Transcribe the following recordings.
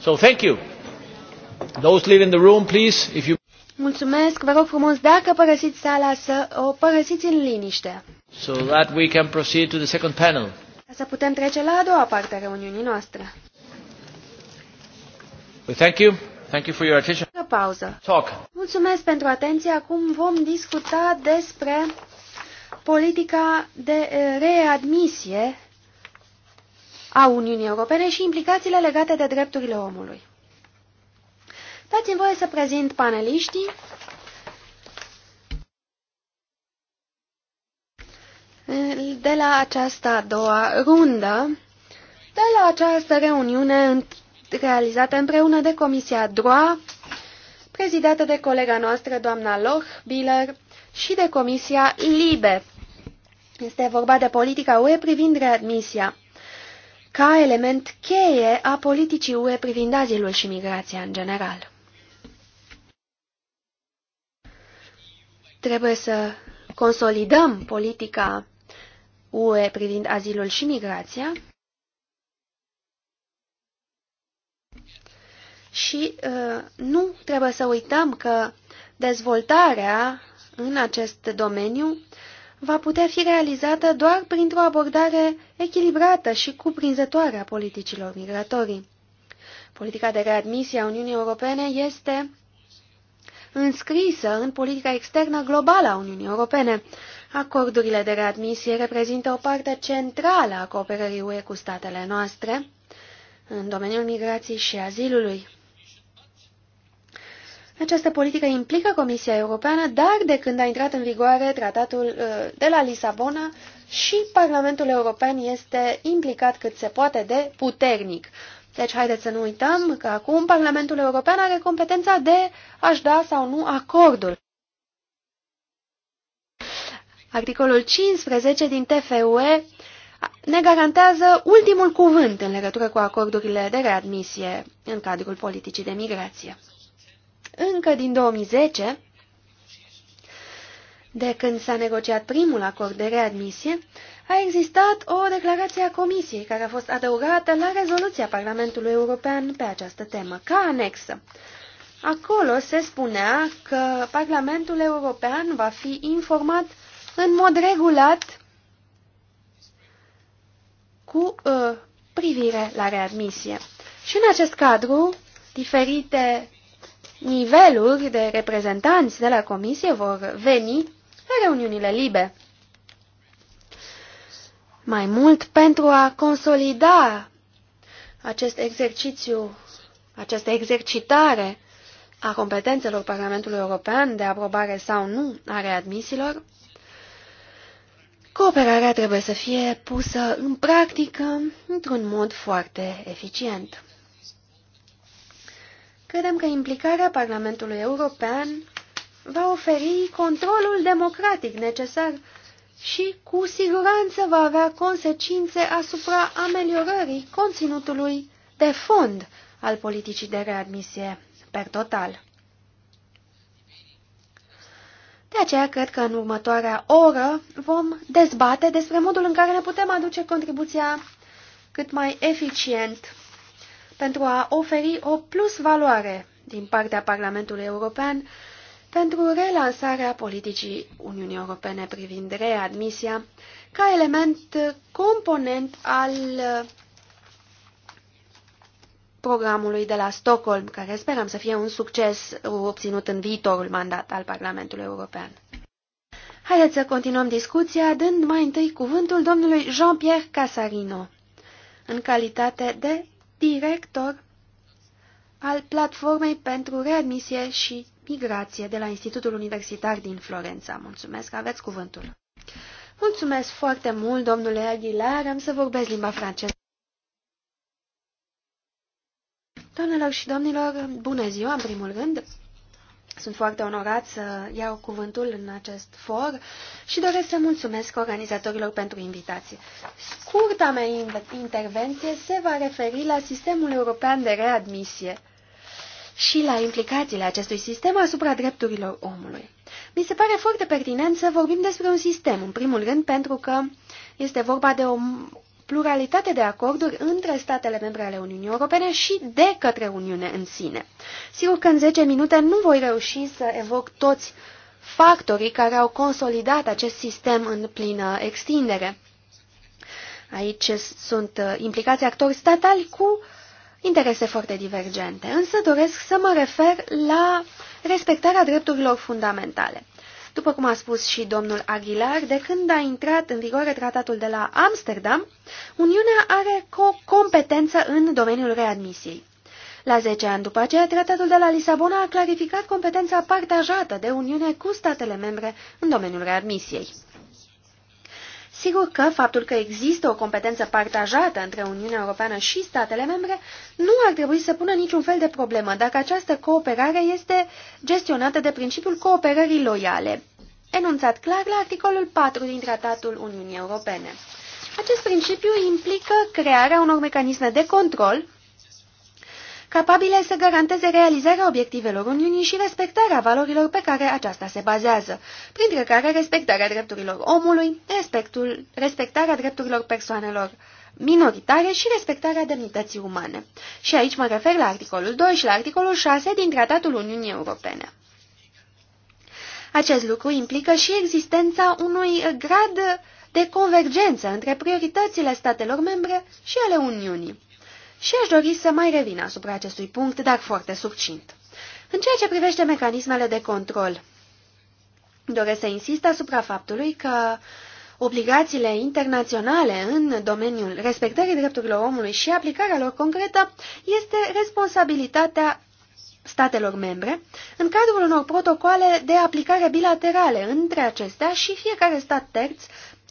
So thank you. Those leaving the room, please, if you... Mulțumesc, vă rog frumos, dacă părăsiți sala, să o părăsiți în liniște. So that we can proceed to the second panel. Să putem trece la a doua parte a reuniunii noastre. We thank you. Thank you for your attention. O pauză. Talk. Mulțumesc pentru atenție. Acum vom discuta despre politica de eh, readmisie a Uniunii Europene și implicațiile legate de drepturile omului. Dați-mi voie să prezint paneliștii. De la această a doua rundă, de la această reuniune realizată împreună de Comisia DROA, prezidată de colega noastră, doamna Loch Biller, și de Comisia LIBE. Este vorba de politica UE privind readmisia ca element cheie a politicii UE privind azilul și migrația în general. Trebuie să consolidăm politica UE privind azilul și migrația și uh, nu trebuie să uităm că dezvoltarea în acest domeniu va putea fi realizată doar printr-o abordare echilibrată și cuprinzătoare a politicilor migratorii. Politica de readmisie a Uniunii Europene este înscrisă în politica externă globală a Uniunii Europene. Acordurile de readmisie reprezintă o parte centrală a cooperării UE cu statele noastre în domeniul migrației și azilului. Această politică implică Comisia Europeană, dar de când a intrat în vigoare tratatul uh, de la Lisabona și Parlamentul European este implicat cât se poate de puternic. Deci haideți să nu uităm că acum Parlamentul European are competența de a-și da sau nu acordul. Articolul 15 din TFUE ne garantează ultimul cuvânt în legătură cu acordurile de readmisie în cadrul politicii de migrație încă din 2010, de când s-a negociat primul acord de readmisie, a existat o declarație a Comisiei care a fost adăugată la rezoluția Parlamentului European pe această temă, ca anexă. Acolo se spunea că Parlamentul European va fi informat în mod regulat cu uh, privire la readmisie. Și în acest cadru, diferite niveluri de reprezentanți de la comisie vor veni la reuniunile libe. Mai mult, pentru a consolida acest exercițiu, această exercitare a competențelor Parlamentului European de aprobare sau nu a readmisilor, cooperarea trebuie să fie pusă în practică într-un mod foarte eficient. Credem că implicarea Parlamentului European va oferi controlul democratic necesar și cu siguranță va avea consecințe asupra ameliorării conținutului de fond al politicii de readmisie per total. De aceea cred că în următoarea oră vom dezbate despre modul în care ne putem aduce contribuția cât mai eficient pentru a oferi o plus valoare din partea Parlamentului European pentru relansarea politicii Uniunii Europene privind readmisia ca element uh, component al uh, programului de la Stockholm, care sperăm să fie un succes uh, obținut în viitorul mandat al Parlamentului European. Haideți să continuăm discuția, dând mai întâi cuvântul domnului Jean-Pierre Casarino, în calitate de director al Platformei pentru Readmisie și Migrație de la Institutul Universitar din Florența. Mulțumesc, aveți cuvântul. Mulțumesc foarte mult, domnule Aguilar, am să vorbesc limba franceză. Doamnelor și domnilor, bună ziua, în primul rând. Sunt foarte onorat să iau cuvântul în acest for și doresc să mulțumesc organizatorilor pentru invitație. Scurta mea intervenție se va referi la sistemul european de readmisie și la implicațiile acestui sistem asupra drepturilor omului. Mi se pare foarte pertinent să vorbim despre un sistem, în primul rând pentru că este vorba de o pluralitate de acorduri între statele membre ale Uniunii Europene și de către Uniune în sine. Sigur că în 10 minute nu voi reuși să evoc toți factorii care au consolidat acest sistem în plină extindere. Aici sunt uh, implicați actori statali cu interese foarte divergente, însă doresc să mă refer la respectarea drepturilor fundamentale. După cum a spus și domnul Aguilar, de când a intrat în vigoare tratatul de la Amsterdam, Uniunea are o competență în domeniul readmisiei. La 10 ani după aceea, tratatul de la Lisabona a clarificat competența partajată de Uniune cu statele membre în domeniul readmisiei. Sigur că faptul că există o competență partajată între Uniunea Europeană și statele membre nu ar trebui să pună niciun fel de problemă dacă această cooperare este gestionată de principiul cooperării loiale, enunțat clar la articolul 4 din Tratatul Uniunii Europene. Acest principiu implică crearea unor mecanisme de control capabile să garanteze realizarea obiectivelor Uniunii și respectarea valorilor pe care aceasta se bazează, printre care respectarea drepturilor omului, respectul, respectarea drepturilor persoanelor minoritare și respectarea demnității umane. Și aici mă refer la articolul 2 și la articolul 6 din Tratatul Uniunii Europene. Acest lucru implică și existența unui grad de convergență între prioritățile statelor membre și ale Uniunii și aș dori să mai revin asupra acestui punct, dar foarte succint. În ceea ce privește mecanismele de control, doresc să insist asupra faptului că obligațiile internaționale în domeniul respectării drepturilor omului și aplicarea lor concretă este responsabilitatea statelor membre în cadrul unor protocoale de aplicare bilaterale între acestea și fiecare stat terț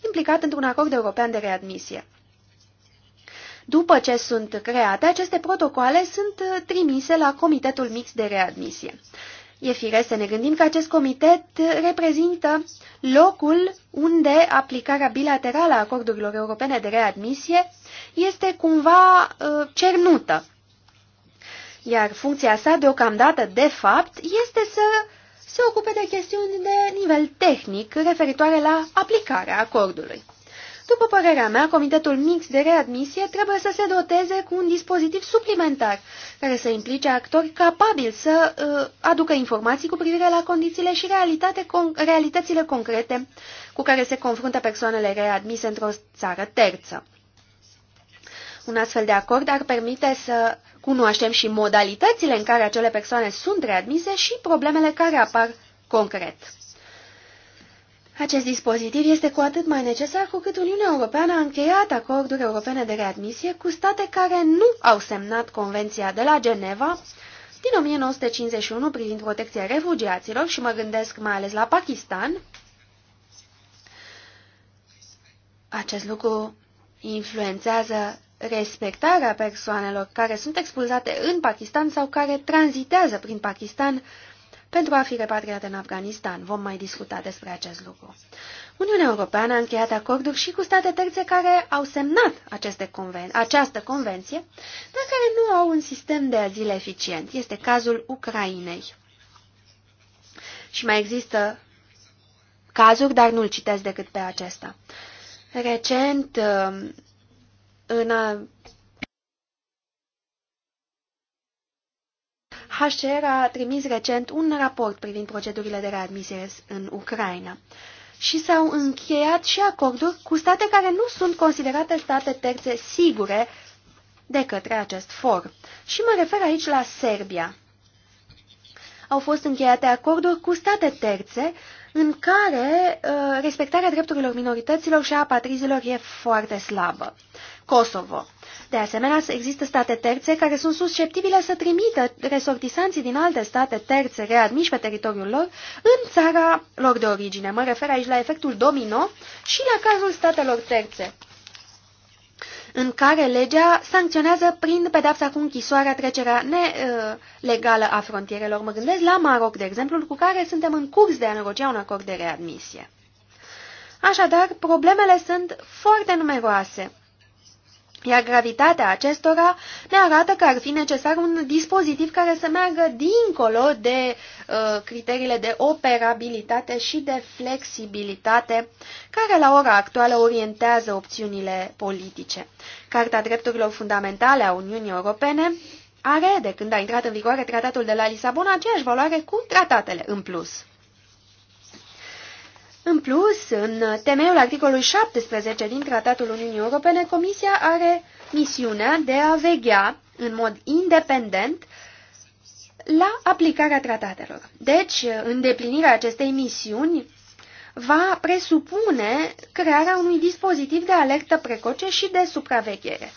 implicat într-un acord european de readmisie. După ce sunt create, aceste protocoale sunt uh, trimise la Comitetul Mix de Readmisie. E firesc să ne gândim că acest comitet uh, reprezintă locul unde aplicarea bilaterală a acordurilor europene de readmisie este cumva uh, cernută. Iar funcția sa deocamdată, de fapt, este să se ocupe de chestiuni de nivel tehnic referitoare la aplicarea acordului. După părerea mea, Comitetul Mix de Readmisie trebuie să se doteze cu un dispozitiv suplimentar care să implice actori capabili să uh, aducă informații cu privire la condițiile și realitate con realitățile concrete cu care se confruntă persoanele readmise într-o țară terță. Un astfel de acord ar permite să cunoaștem și modalitățile în care acele persoane sunt readmise și problemele care apar concret. Acest dispozitiv este cu atât mai necesar cu cât Uniunea Europeană a încheiat acorduri europene de readmisie cu state care nu au semnat Convenția de la Geneva din 1951 privind protecția refugiaților și mă gândesc mai ales la Pakistan. Acest lucru influențează respectarea persoanelor care sunt expulzate în Pakistan sau care tranzitează prin Pakistan pentru a fi repatriate în Afganistan. Vom mai discuta despre acest lucru. Uniunea Europeană a încheiat acorduri și cu state terțe care au semnat aceste conven această convenție, dar care nu au un sistem de azil eficient. Este cazul Ucrainei. Și mai există cazuri, dar nu-l citesc decât pe acesta. Recent, uh, în a... HCR a trimis recent un raport privind procedurile de readmisie în Ucraina și s-au încheiat și acorduri cu state care nu sunt considerate state terțe sigure de către acest for. Și mă refer aici la Serbia. Au fost încheiate acorduri cu state terțe în care uh, respectarea drepturilor minorităților și a patrizilor e foarte slabă. Kosovo. De asemenea, există state terțe care sunt susceptibile să trimită resortisanții din alte state terțe readmiși pe teritoriul lor în țara lor de origine. Mă refer aici la efectul domino și la cazul statelor terțe în care legea sancționează prin pedapsa cu închisoarea trecerea nelegală a frontierelor. Mă gândesc la Maroc, de exemplu, cu care suntem în curs de a negocia un acord de readmisie. Așadar, problemele sunt foarte numeroase. Iar gravitatea acestora ne arată că ar fi necesar un dispozitiv care să meargă dincolo de uh, criteriile de operabilitate și de flexibilitate care la ora actuală orientează opțiunile politice. Carta Drepturilor Fundamentale a Uniunii Europene are, de când a intrat în vigoare tratatul de la Lisabona, aceeași valoare cu tratatele în plus. În plus, în temeiul articolului 17 din Tratatul Uniunii Europene, Comisia are misiunea de a veghea în mod independent la aplicarea tratatelor. Deci, îndeplinirea acestei misiuni va presupune crearea unui dispozitiv de alertă precoce și de supraveghere.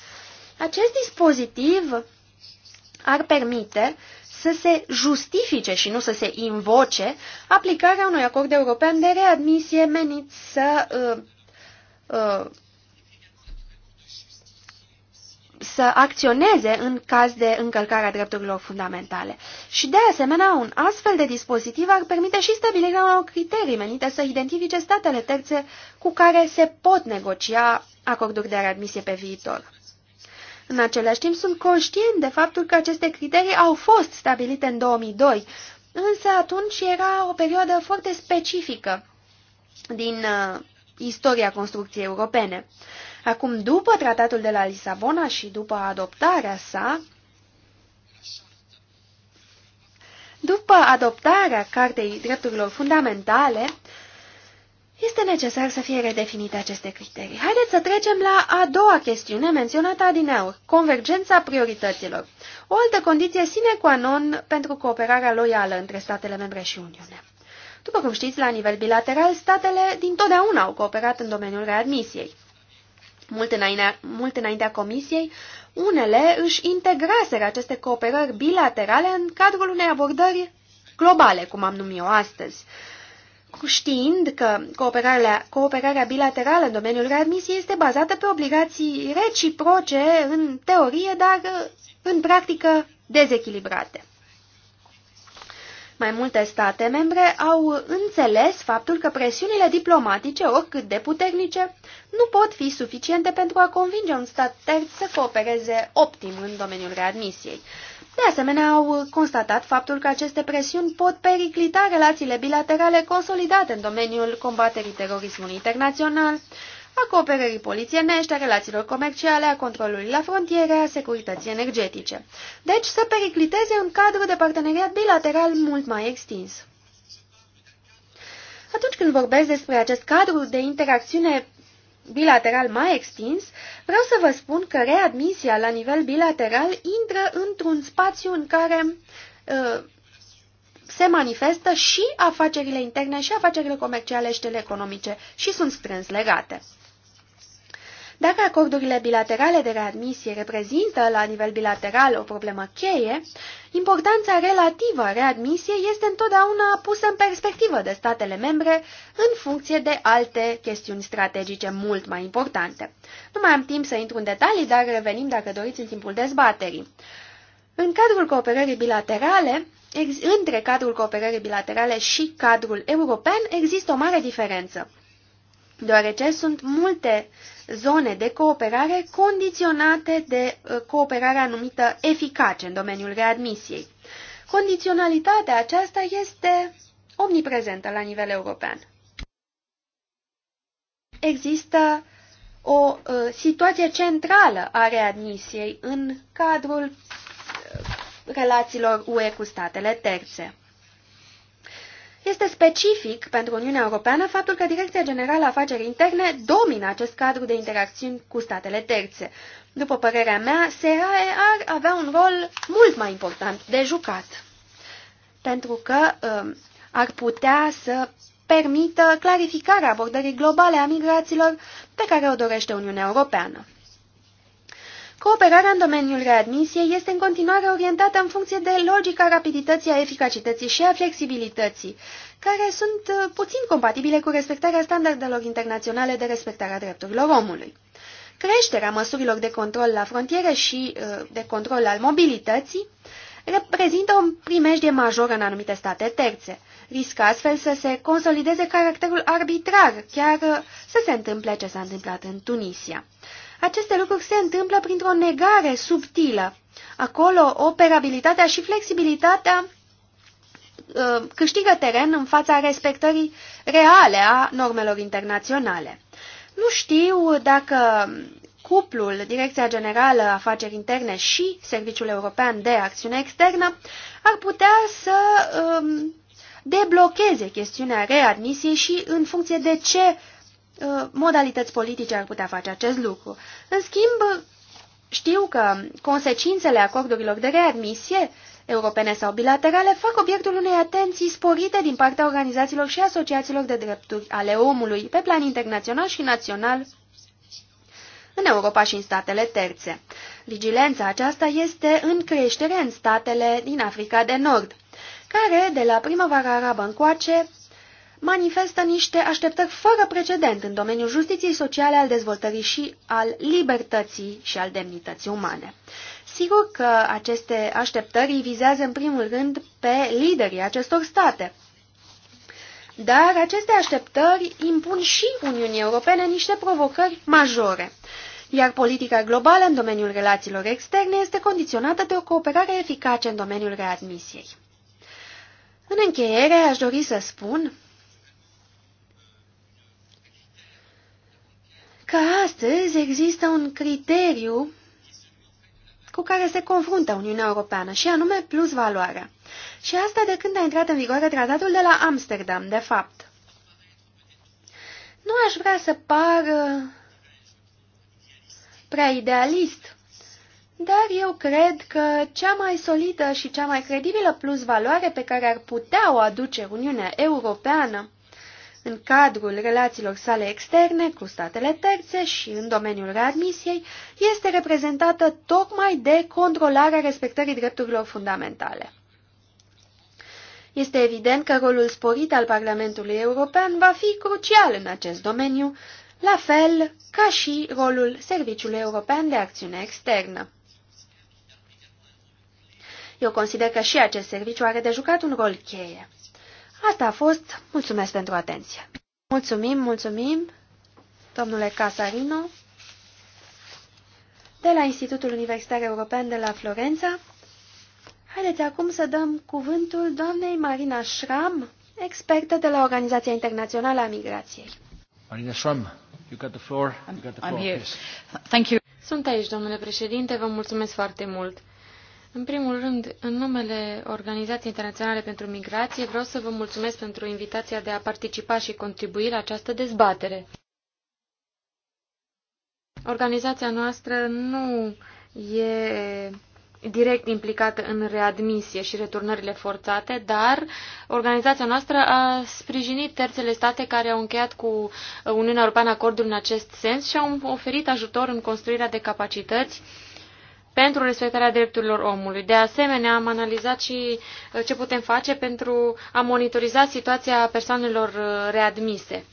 Acest dispozitiv ar permite să se justifice și nu să se invoce aplicarea unui acord european de readmisie menit să uh, uh, să acționeze în caz de încălcare a drepturilor fundamentale. Și de asemenea, un astfel de dispozitiv ar permite și stabilirea unor criterii menite să identifice statele terțe cu care se pot negocia acorduri de readmisie pe viitor. În același timp, sunt conștient de faptul că aceste criterii au fost stabilite în 2002, însă atunci era o perioadă foarte specifică din uh, istoria construcției europene. Acum, după tratatul de la Lisabona și după adoptarea sa, după adoptarea Cartei Drepturilor Fundamentale, este necesar să fie redefinite aceste criterii. Haideți să trecem la a doua chestiune menționată adineauri, convergența priorităților. O altă condiție sine qua non pentru cooperarea loială între statele membre și Uniune. După cum știți, la nivel bilateral, statele dintotdeauna au cooperat în domeniul readmisiei. Mult înainte, mult înaintea comisiei, unele își integraseră aceste cooperări bilaterale în cadrul unei abordări globale, cum am numit-o astăzi, știind că cooperarea, cooperarea bilaterală în domeniul readmisiei este bazată pe obligații reciproce în teorie, dar uh, în practică dezechilibrate. Mai multe state membre au înțeles faptul că presiunile diplomatice, oricât de puternice, nu pot fi suficiente pentru a convinge un stat terț să coopereze optim în domeniul readmisiei. De asemenea, au constatat faptul că aceste presiuni pot periclita relațiile bilaterale consolidate în domeniul combaterii terorismului internațional, a cooperării polițienești, a relațiilor comerciale, a controlului la frontiere, a securității energetice. Deci să pericliteze un cadru de parteneriat bilateral mult mai extins. Atunci când vorbesc despre acest cadru de interacțiune bilateral mai extins, vreau să vă spun că readmisia la nivel bilateral intră într-un spațiu în care uh, se manifestă și afacerile interne, și afacerile comerciale și cele economice și sunt strâns legate. Dacă acordurile bilaterale de readmisie reprezintă la nivel bilateral o problemă cheie, importanța relativă a readmisiei este întotdeauna pusă în perspectivă de statele membre în funcție de alte chestiuni strategice mult mai importante. Nu mai am timp să intru în detalii, dar revenim dacă doriți în timpul dezbaterii. În cadrul cooperării bilaterale, între cadrul cooperării bilaterale și cadrul european există o mare diferență deoarece sunt multe zone de cooperare condiționate de uh, cooperarea numită eficace în domeniul readmisiei. Condiționalitatea aceasta este omniprezentă la nivel european. Există o uh, situație centrală a readmisiei în cadrul uh, relațiilor UE cu statele terțe. Este specific pentru Uniunea Europeană faptul că Direcția Generală a Afaceri Interne domină acest cadru de interacțiuni cu statele terțe. După părerea mea, SRAE ar avea un rol mult mai important de jucat, pentru că uh, ar putea să permită clarificarea abordării globale a migrațiilor pe care o dorește Uniunea Europeană. Cooperarea în domeniul readmisiei este în continuare orientată în funcție de logica rapidității, a eficacității și a flexibilității, care sunt uh, puțin compatibile cu respectarea standardelor internaționale de respectarea drepturilor omului. Creșterea măsurilor de control la frontiere și uh, de control al mobilității reprezintă o primejdie majoră în anumite state terțe. Riscă astfel să se consolideze caracterul arbitrar, chiar uh, să se întâmple ce s-a întâmplat în Tunisia. Aceste lucruri se întâmplă printr-o negare subtilă. Acolo operabilitatea și flexibilitatea uh, câștigă teren în fața respectării reale a normelor internaționale. Nu știu dacă cuplul, Direcția Generală Afaceri Interne și Serviciul European de Acțiune Externă, ar putea să um, deblocheze chestiunea readmisiei și în funcție de ce Uh, modalități politice ar putea face acest lucru. În schimb, știu că consecințele acordurilor de readmisie europene sau bilaterale fac obiectul unei atenții sporite din partea organizațiilor și asociațiilor de drepturi ale omului, pe plan internațional și național, în Europa și în statele terțe. Vigilența aceasta este în creștere în statele din Africa de Nord, care, de la primăvara arabă încoace, manifestă niște așteptări fără precedent în domeniul justiției sociale, al dezvoltării și al libertății și al demnității umane. Sigur că aceste așteptări vizează în primul rând pe liderii acestor state. Dar aceste așteptări impun și Uniunii Europene niște provocări majore, iar politica globală în domeniul relațiilor externe este condiționată de o cooperare eficace în domeniul readmisiei. În încheiere, aș dori să spun că astăzi există un criteriu cu care se confruntă Uniunea Europeană, și anume plus valoarea. Și asta de când a intrat în vigoare tratatul de la Amsterdam, de fapt. Nu aș vrea să par prea idealist, dar eu cred că cea mai solidă și cea mai credibilă plus valoare pe care ar putea o aduce Uniunea Europeană în cadrul relațiilor sale externe cu statele terțe și în domeniul readmisiei este reprezentată tocmai de controlarea respectării drepturilor fundamentale. Este evident că rolul sporit al Parlamentului European va fi crucial în acest domeniu, la fel ca și rolul Serviciului European de Acțiune Externă. Eu consider că și acest serviciu are de jucat un rol cheie. Asta a fost. Mulțumesc pentru atenție. Mulțumim, mulțumim, domnule Casarino, de la Institutul Universitar European de la Florența. Haideți acum să dăm cuvântul doamnei Marina Schram, expertă de la Organizația Internațională a Migrației. Marina Schram, you got the floor. You got the floor. I'm here. Thank you. Sunt aici, domnule președinte, vă mulțumesc foarte mult. În primul rând, în numele Organizației Internaționale pentru Migrație, vreau să vă mulțumesc pentru invitația de a participa și contribui la această dezbatere. Organizația noastră nu e direct implicată în readmisie și returnările forțate, dar organizația noastră a sprijinit terțele state care au încheiat cu Uniunea Europeană acorduri în acest sens și au oferit ajutor în construirea de capacități pentru respectarea drepturilor omului. De asemenea, am analizat și uh, ce putem face pentru a monitoriza situația persoanelor uh, readmise.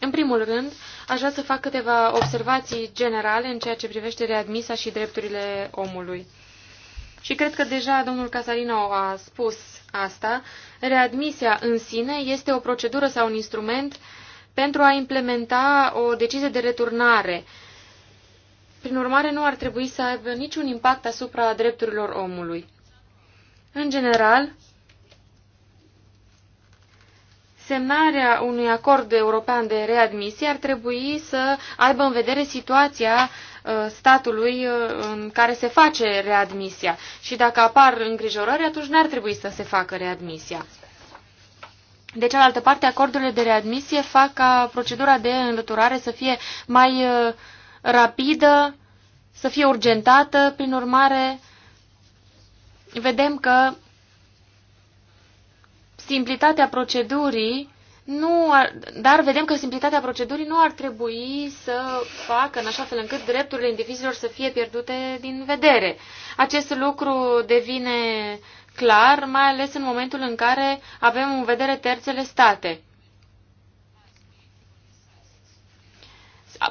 În primul rând, aș vrea să fac câteva observații generale în ceea ce privește readmisa și drepturile omului. Și cred că deja domnul Casarino a spus asta. Readmisia în sine este o procedură sau un instrument pentru a implementa o decizie de returnare uh, prin urmare, nu ar trebui să aibă niciun impact asupra drepturilor omului. În general, semnarea unui acord european de readmisie ar trebui să aibă în vedere situația uh, statului uh, în care se face readmisia. Și dacă apar îngrijorări, atunci n-ar trebui să se facă readmisia. De cealaltă parte, acordurile de readmisie fac ca procedura de înlăturare să fie mai uh, rapidă, să fie urgentată, prin urmare vedem că simplitatea procedurii nu ar, dar vedem că simplitatea procedurii nu ar trebui să facă în așa fel încât drepturile indivizilor să fie pierdute din vedere. Acest lucru devine clar, mai ales în momentul în care avem în vedere terțele state.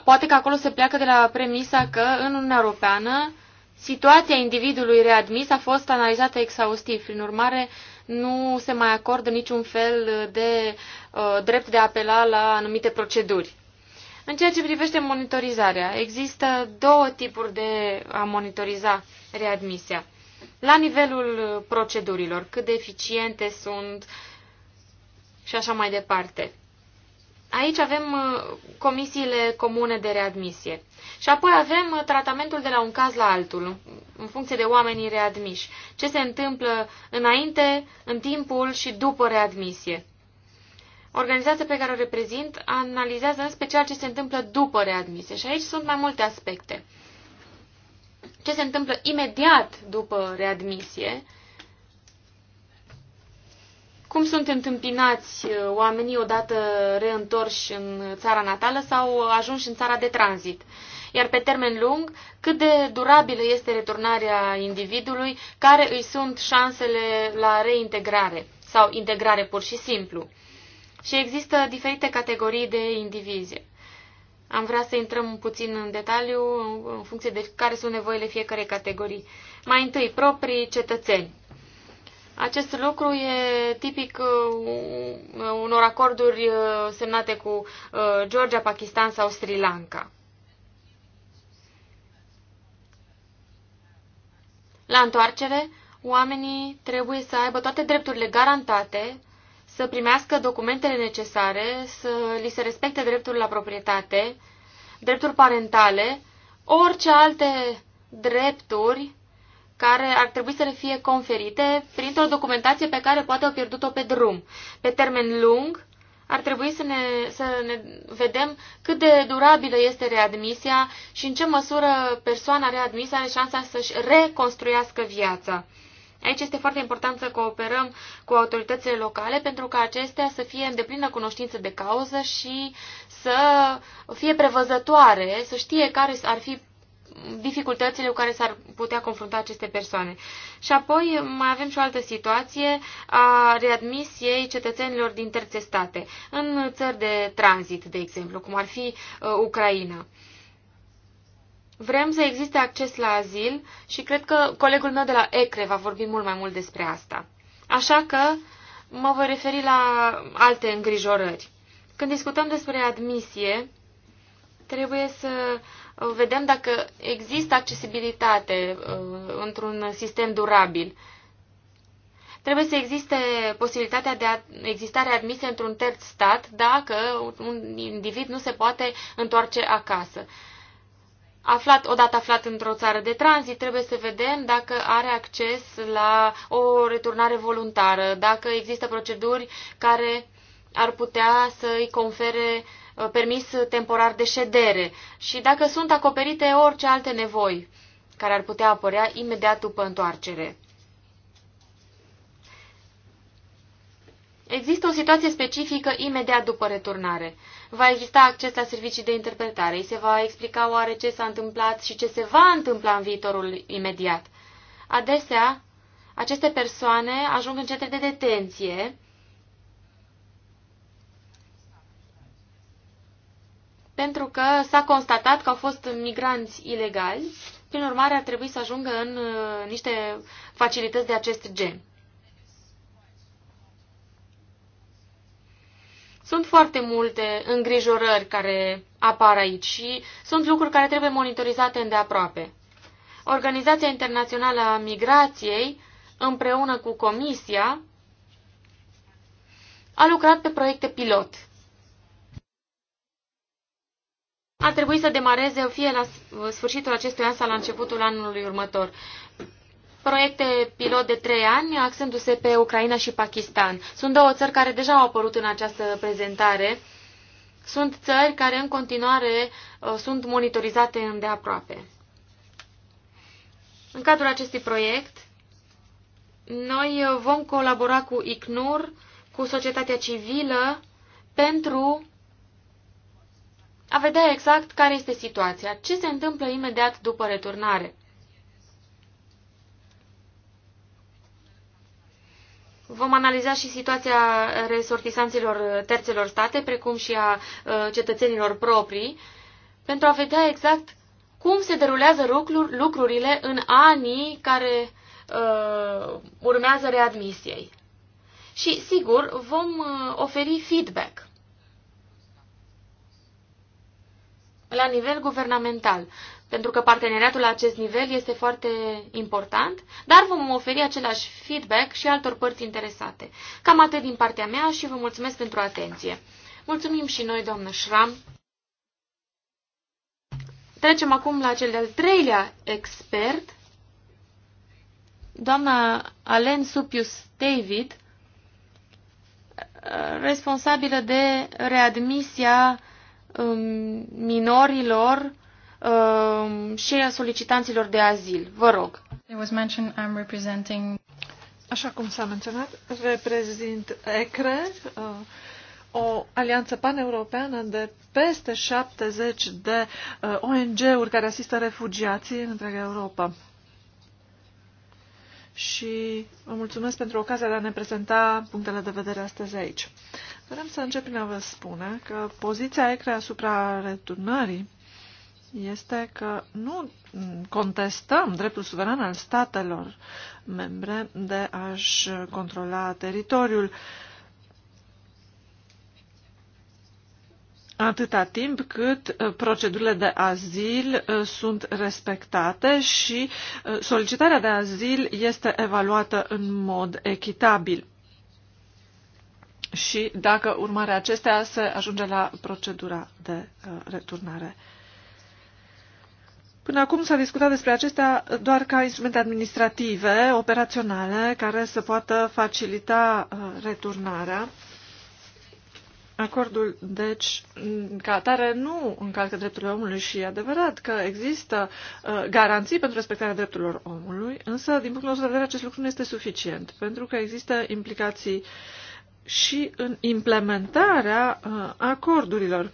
Poate că acolo se pleacă de la premisa că în Uniunea Europeană situația individului readmis a fost analizată exhaustiv. Prin urmare, nu se mai acordă niciun fel de uh, drept de a apela la anumite proceduri. În ceea ce privește monitorizarea, există două tipuri de a monitoriza readmisia. La nivelul procedurilor, cât de eficiente sunt și așa mai departe. Aici avem uh, comisiile comune de readmisie. Și apoi avem uh, tratamentul de la un caz la altul, în funcție de oamenii readmiși. Ce se întâmplă înainte, în timpul și după readmisie. Organizația pe care o reprezint analizează în special ce se întâmplă după readmisie și aici sunt mai multe aspecte. Ce se întâmplă imediat după readmisie, cum sunt întâmpinați uh, oamenii odată reîntorși în țara natală sau ajunși în țara de tranzit? Iar pe termen lung, cât de durabilă este returnarea individului, care îi sunt șansele la reintegrare sau integrare pur și simplu? Și există diferite categorii de indivizi. Am vrea să intrăm puțin în detaliu în funcție de care sunt nevoile fiecarei categorii. Mai întâi, proprii cetățeni. Acest lucru e tipic uh, unor acorduri uh, semnate cu uh, Georgia, Pakistan sau Sri Lanka. La întoarcere, oamenii trebuie să aibă toate drepturile garantate, să primească documentele necesare, să li se respecte dreptul la proprietate, drepturi parentale, orice alte drepturi care ar trebui să le fie conferite printr-o documentație pe care poate au pierdut-o pe drum. Pe termen lung, ar trebui să ne, să ne vedem cât de durabilă este readmisia și în ce măsură persoana readmisă are șansa să-și reconstruiască viața. Aici este foarte important să cooperăm cu autoritățile locale pentru ca acestea să fie în deplină cunoștință de cauză și să fie prevăzătoare, să știe care ar fi dificultățile cu care s-ar putea confrunta aceste persoane. Și apoi mai avem și o altă situație a readmisiei cetățenilor din terțe state, în țări de tranzit, de exemplu, cum ar fi uh, Ucraina. Vrem să existe acces la azil și cred că colegul meu de la ECRE va vorbi mult mai mult despre asta. Așa că mă voi referi la alte îngrijorări. Când discutăm despre admisie, trebuie să vedem dacă există accesibilitate uh, într-un sistem durabil. Trebuie să existe posibilitatea de a, existare admise într-un terț stat dacă un individ nu se poate întoarce acasă. Aflat, odată aflat într-o țară de tranzit, trebuie să vedem dacă are acces la o returnare voluntară, dacă există proceduri care ar putea să i confere uh, Uh, permis temporar de ședere și dacă sunt acoperite orice alte nevoi care ar putea apărea imediat după întoarcere. Există o situație specifică imediat după returnare. Va exista acces la servicii de interpretare. Îi se va explica oare ce s-a întâmplat și ce se va întâmpla în viitorul imediat. Adesea, aceste persoane ajung în centre de detenție pentru că s-a constatat că au fost migranți ilegali, prin urmare ar trebui să ajungă în uh, niște facilități de acest gen. Sunt foarte multe îngrijorări care apar aici și sunt lucruri care trebuie monitorizate îndeaproape. Organizația Internațională a Migrației, împreună cu Comisia, a lucrat pe proiecte pilot – ar trebui să demareze fie la sfârșitul acestui an sau la începutul anului următor. Proiecte pilot de trei ani, axându-se pe Ucraina și Pakistan. Sunt două țări care deja au apărut în această prezentare. Sunt țări care în continuare uh, sunt monitorizate îndeaproape. În cadrul acestui proiect, noi uh, vom colabora cu ICNUR, cu societatea civilă, pentru a vedea exact care este situația, ce se întâmplă imediat după returnare. Vom analiza și situația resortisanților terțelor state, precum și a uh, cetățenilor proprii, pentru a vedea exact cum se derulează lucrurile în anii care uh, urmează readmisiei. Și, sigur, vom uh, oferi feedback. la nivel guvernamental, pentru că parteneriatul la acest nivel este foarte important, dar vom oferi același feedback și altor părți interesate. Cam atât din partea mea și vă mulțumesc pentru atenție. Mulțumim și noi, doamnă Șram. Trecem acum la cel de-al treilea expert, doamna Alen Supius David, responsabilă de readmisia Um, minorilor um, și a solicitanților de azil. Vă rog. Așa cum s-a menționat, reprezint ECRE, uh, o alianță paneuropeană de peste 70 de uh, ONG-uri care asistă refugiații în întreaga Europa. Și vă mulțumesc pentru ocazia de a ne prezenta punctele de vedere astăzi aici. Vrem să încep prin a vă spune că poziția ECRE asupra returnării este că nu contestăm dreptul suveran al statelor membre de a-și controla teritoriul atâta timp cât uh, procedurile de azil uh, sunt respectate și uh, solicitarea de azil este evaluată în mod echitabil și dacă urmarea acestea se ajunge la procedura de uh, returnare. Până acum s-a discutat despre acestea doar ca instrumente administrative, operaționale, care să poată facilita uh, returnarea. Acordul, deci, ca atare nu încalcă drepturile omului și e adevărat că există uh, garanții pentru respectarea drepturilor omului, însă, din punctul nostru de vedere, acest lucru nu este suficient, pentru că există implicații uh, și în implementarea uh, acordurilor.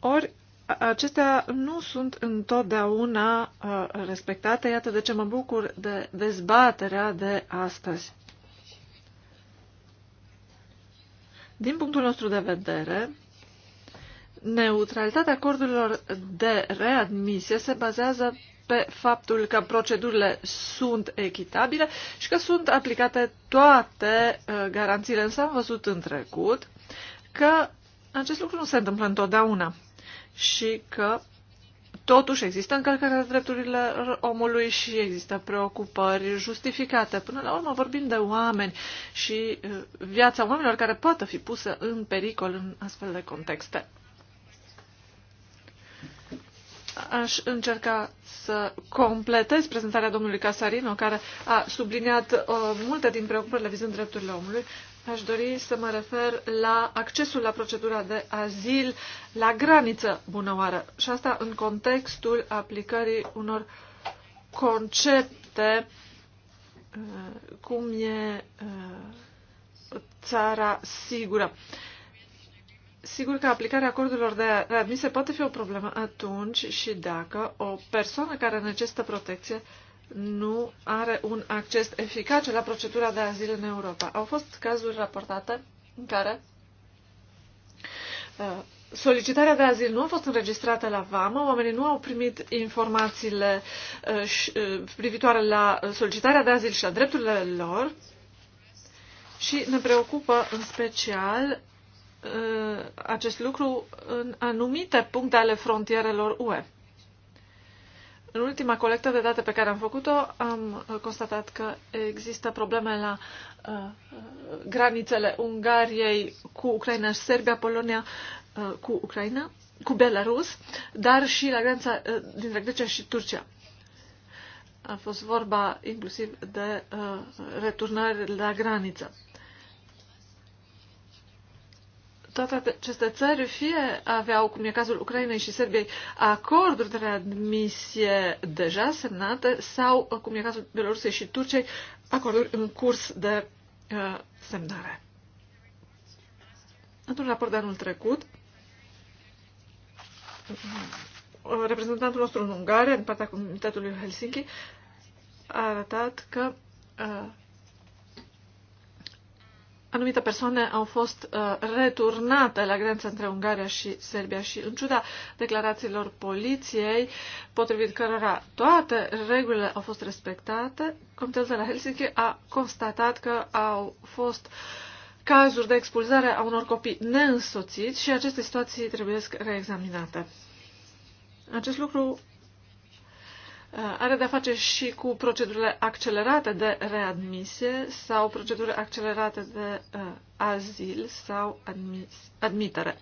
Ori acestea nu sunt întotdeauna uh, respectate, iată de ce mă bucur de dezbaterea de astăzi. Din punctul nostru de vedere, neutralitatea acordurilor de readmisie se bazează pe faptul că procedurile sunt echitabile și că sunt aplicate toate uh, garanțiile. Însă am văzut în trecut că acest lucru nu se întâmplă întotdeauna și că totuși există încălcări de drepturile omului și există preocupări justificate. Până la urmă vorbim de oameni și uh, viața oamenilor care poate fi pusă în pericol în astfel de contexte aș încerca să completez prezentarea domnului Casarino, care a subliniat uh, multe din preocupările vizând drepturile omului. Aș dori să mă refer la accesul la procedura de azil la graniță bună oară și asta în contextul aplicării unor concepte uh, cum e uh, țara sigură. Uh, Sigur că aplicarea acordurilor de readmisie poate fi o problemă atunci și dacă o persoană care necesită protecție nu are un acces eficace la procedura de azil în Europa. Au fost cazuri raportate în care uh, solicitarea de azil nu a fost înregistrată la vamă, oamenii nu au primit informațiile uh, uh, privitoare la solicitarea de azil și la drepturile lor și ne preocupă în special Uh, acest lucru în anumite puncte ale frontierelor UE. În ultima colectă de date pe care am făcut-o, am uh, constatat că există probleme la uh, granițele Ungariei cu Ucraina și Serbia, Polonia cu Ucraina, cu Belarus, dar și la granița dintre Grecia și Turcia. A fost vorba inclusiv de uh, returnări la graniță toate aceste țări fie aveau, cum e cazul Ucrainei și Serbiei, acorduri de readmisie deja semnate sau, cum e cazul Belorusiei și Turciei, acorduri în curs de uh, semnare. Într-un raport de anul trecut, reprezentantul nostru în Ungaria, din partea Comitetului Helsinki, a arătat că uh, anumite persoane au fost uh, returnate la granița între Ungaria și Serbia și în ciuda declarațiilor poliției, potrivit cărora toate regulile au fost respectate, Comitetul de la Helsinki a constatat că au fost cazuri de expulzare a unor copii neînsoțiți și aceste situații trebuie reexaminate. Acest lucru Uh, are de-a face și cu procedurile accelerate de readmisie sau procedurile accelerate de uh, azil sau admis, admitere.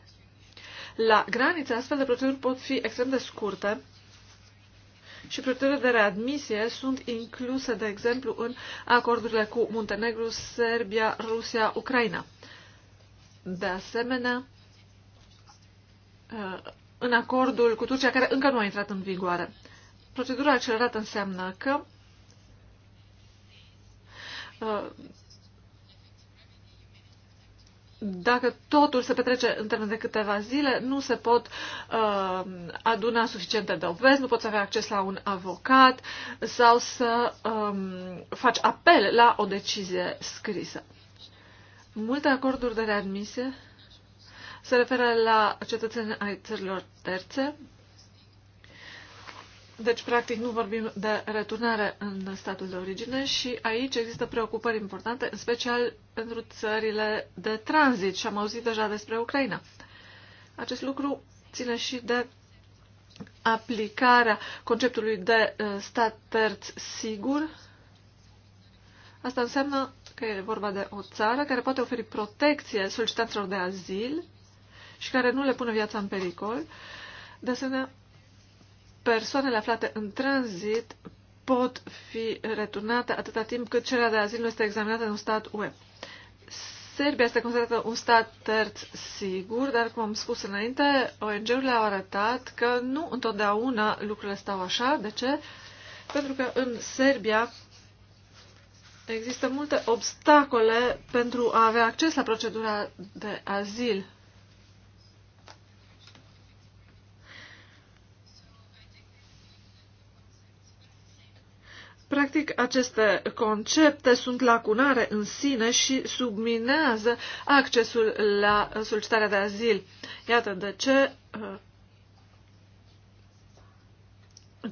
La granițe, astfel de proceduri pot fi extrem de scurte și procedurile de readmisie sunt incluse, de exemplu, în acordurile cu Muntenegru, Serbia, Rusia, Ucraina. De asemenea, uh, în acordul cu Turcia, care încă nu a intrat în vigoare. Procedura accelerată înseamnă că uh, dacă totul se petrece în termen de câteva zile, nu se pot uh, aduna suficiente dovezi, nu poți avea acces la un avocat sau să um, faci apel la o decizie scrisă. Multe acorduri de readmisie se referă la cetățenii ai țărilor terțe deci, practic, nu vorbim de returnare în statul de origine și aici există preocupări importante, în special pentru țările de tranzit și am auzit deja despre Ucraina. Acest lucru ține și de aplicarea conceptului de uh, stat terț sigur. Asta înseamnă că e vorba de o țară care poate oferi protecție solicitanților de azil și care nu le pune viața în pericol. De asemenea, persoanele aflate în tranzit pot fi returnate atâta timp cât cererea de azil nu este examinată în un stat UE. Serbia este considerată un stat terț sigur, dar, cum am spus înainte, ONG-urile au arătat că nu întotdeauna lucrurile stau așa. De ce? Pentru că în Serbia există multe obstacole pentru a avea acces la procedura de azil. Practic, aceste concepte sunt lacunare în sine și subminează accesul la solicitarea de azil. Iată de ce uh,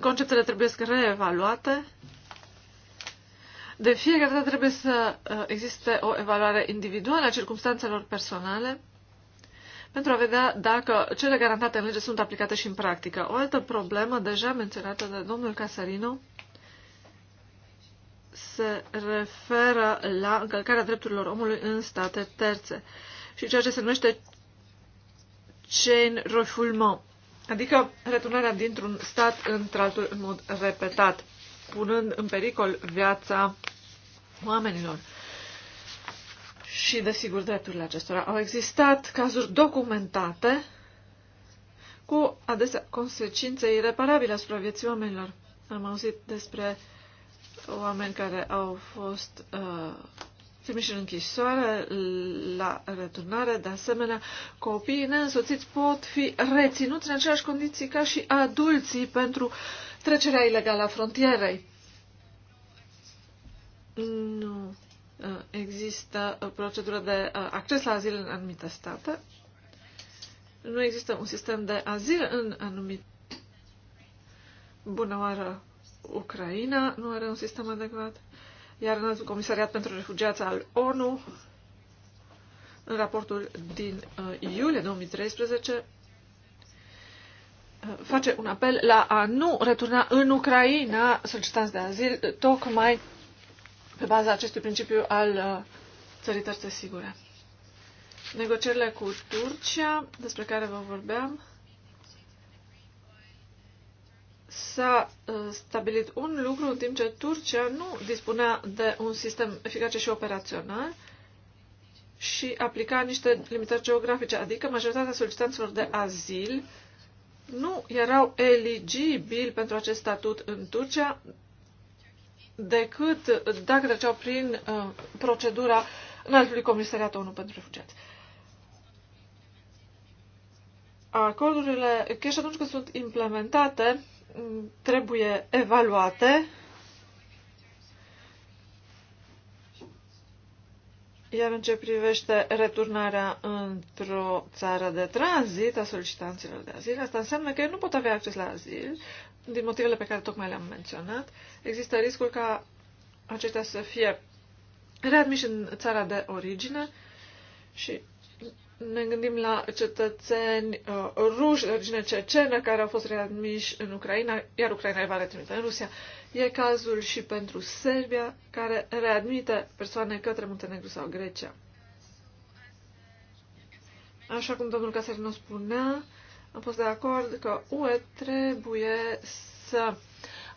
conceptele trebuie reevaluate. De fiecare dată trebuie să uh, existe o evaluare individuală a circumstanțelor personale pentru a vedea dacă cele garantate în lege sunt aplicate și în practică. O altă problemă deja menționată de domnul Casarino se referă la încălcarea drepturilor omului în state terțe și ceea ce se numește chain refoulement, adică returnarea dintr-un stat într-altul în mod repetat, punând în pericol viața oamenilor. Și, desigur, drepturile acestora au existat cazuri documentate cu adesea consecințe ireparabile asupra vieții oamenilor. Am auzit despre uh, oameni care au fost uh, trimiși în închisoare la returnare. De asemenea, copiii neînsoțiți pot fi reținuți în aceleași condiții ca și adulții pentru trecerea ilegală a frontierei. Nu uh, există uh, procedură de uh, acces la azil în anumite state. Nu există un sistem de azil în anumite. Bună oară! Ucraina nu are un sistem adecvat, iar în Comisariat pentru Refugiați al ONU, în raportul din uh, iulie 2013, uh, face un apel la a nu returna în Ucraina solicitanți de azil, tocmai pe baza acestui principiu al uh, țării terțe sigure. Negocierile cu Turcia, despre care vă vorbeam, s-a uh, stabilit un lucru în timp ce Turcia nu dispunea de un sistem eficace și operațional și aplica niște limitări geografice, adică majoritatea solicitanților de azil nu erau eligibili pentru acest statut în Turcia decât dacă treceau prin uh, procedura înaltului comisariat ONU pentru refugiați. Acordurile, chiar și atunci când sunt implementate, trebuie evaluate Iar în ce privește returnarea într-o țară de tranzit a solicitanților de azil, asta înseamnă că ei nu pot avea acces la azil, din motivele pe care tocmai le-am menționat. Există riscul ca aceștia să fie readmiși în țara de origine și ne gândim la cetățeni uh, ruși de origine cecenă care au fost readmiși în Ucraina, iar Ucraina îi va retrimite în Rusia. E cazul și pentru Serbia, care readmite persoane către Muntenegru sau Grecia. Așa cum domnul Caserino spunea, am fost de acord că UE trebuie să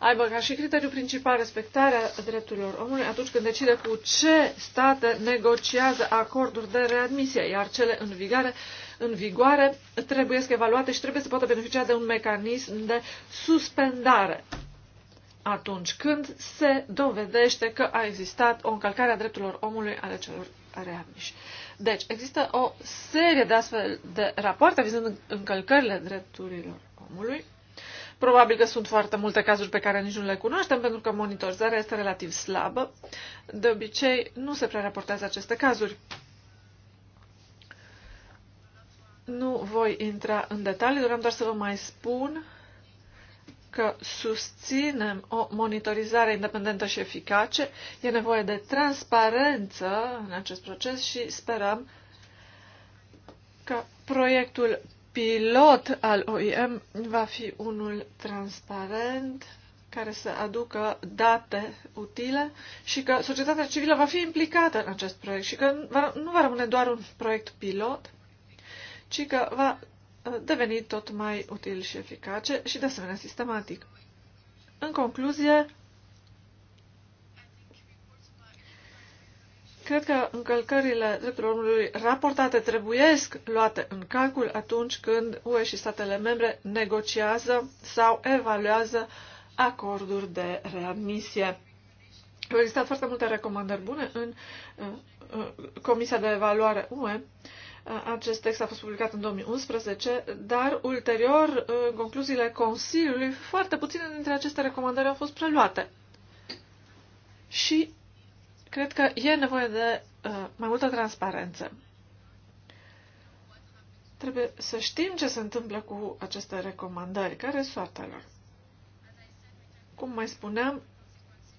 aibă ca și criteriu principal respectarea drepturilor omului atunci când decide cu ce state negociază acorduri de readmisie, iar cele în vigoare, în vigoare trebuie să evaluate și trebuie să poată beneficia de un mecanism de suspendare atunci când se dovedește că a existat o încălcare a drepturilor omului ale celor readmiși. Deci, există o serie de astfel de rapoarte vizând încălcările drepturilor omului Probabil că sunt foarte multe cazuri pe care nici nu le cunoaștem, pentru că monitorizarea este relativ slabă. De obicei, nu se prea raportează aceste cazuri. Nu voi intra în detalii, doream doar să vă mai spun că susținem o monitorizare independentă și eficace. E nevoie de transparență în acest proces și sperăm că proiectul pilot al OIM va fi unul transparent, care să aducă date utile și că societatea civilă va fi implicată în acest proiect și că nu va rămâne doar un proiect pilot, ci că va uh, deveni tot mai util și eficace și de asemenea sistematic. În concluzie, Cred că încălcările drepturilor omului raportate trebuiesc luate în calcul atunci când UE și statele membre negociază sau evaluează acorduri de readmisie. Au existat foarte multe recomandări bune în uh, uh, Comisia de Evaluare UE. Uh, acest text a fost publicat în 2011, dar ulterior, în concluziile Consiliului, foarte puține dintre aceste recomandări au fost preluate. Și Cred că e nevoie de uh, mai multă transparență. Trebuie să știm ce se întâmplă cu aceste recomandări, care e soarta lor. Cum mai spuneam,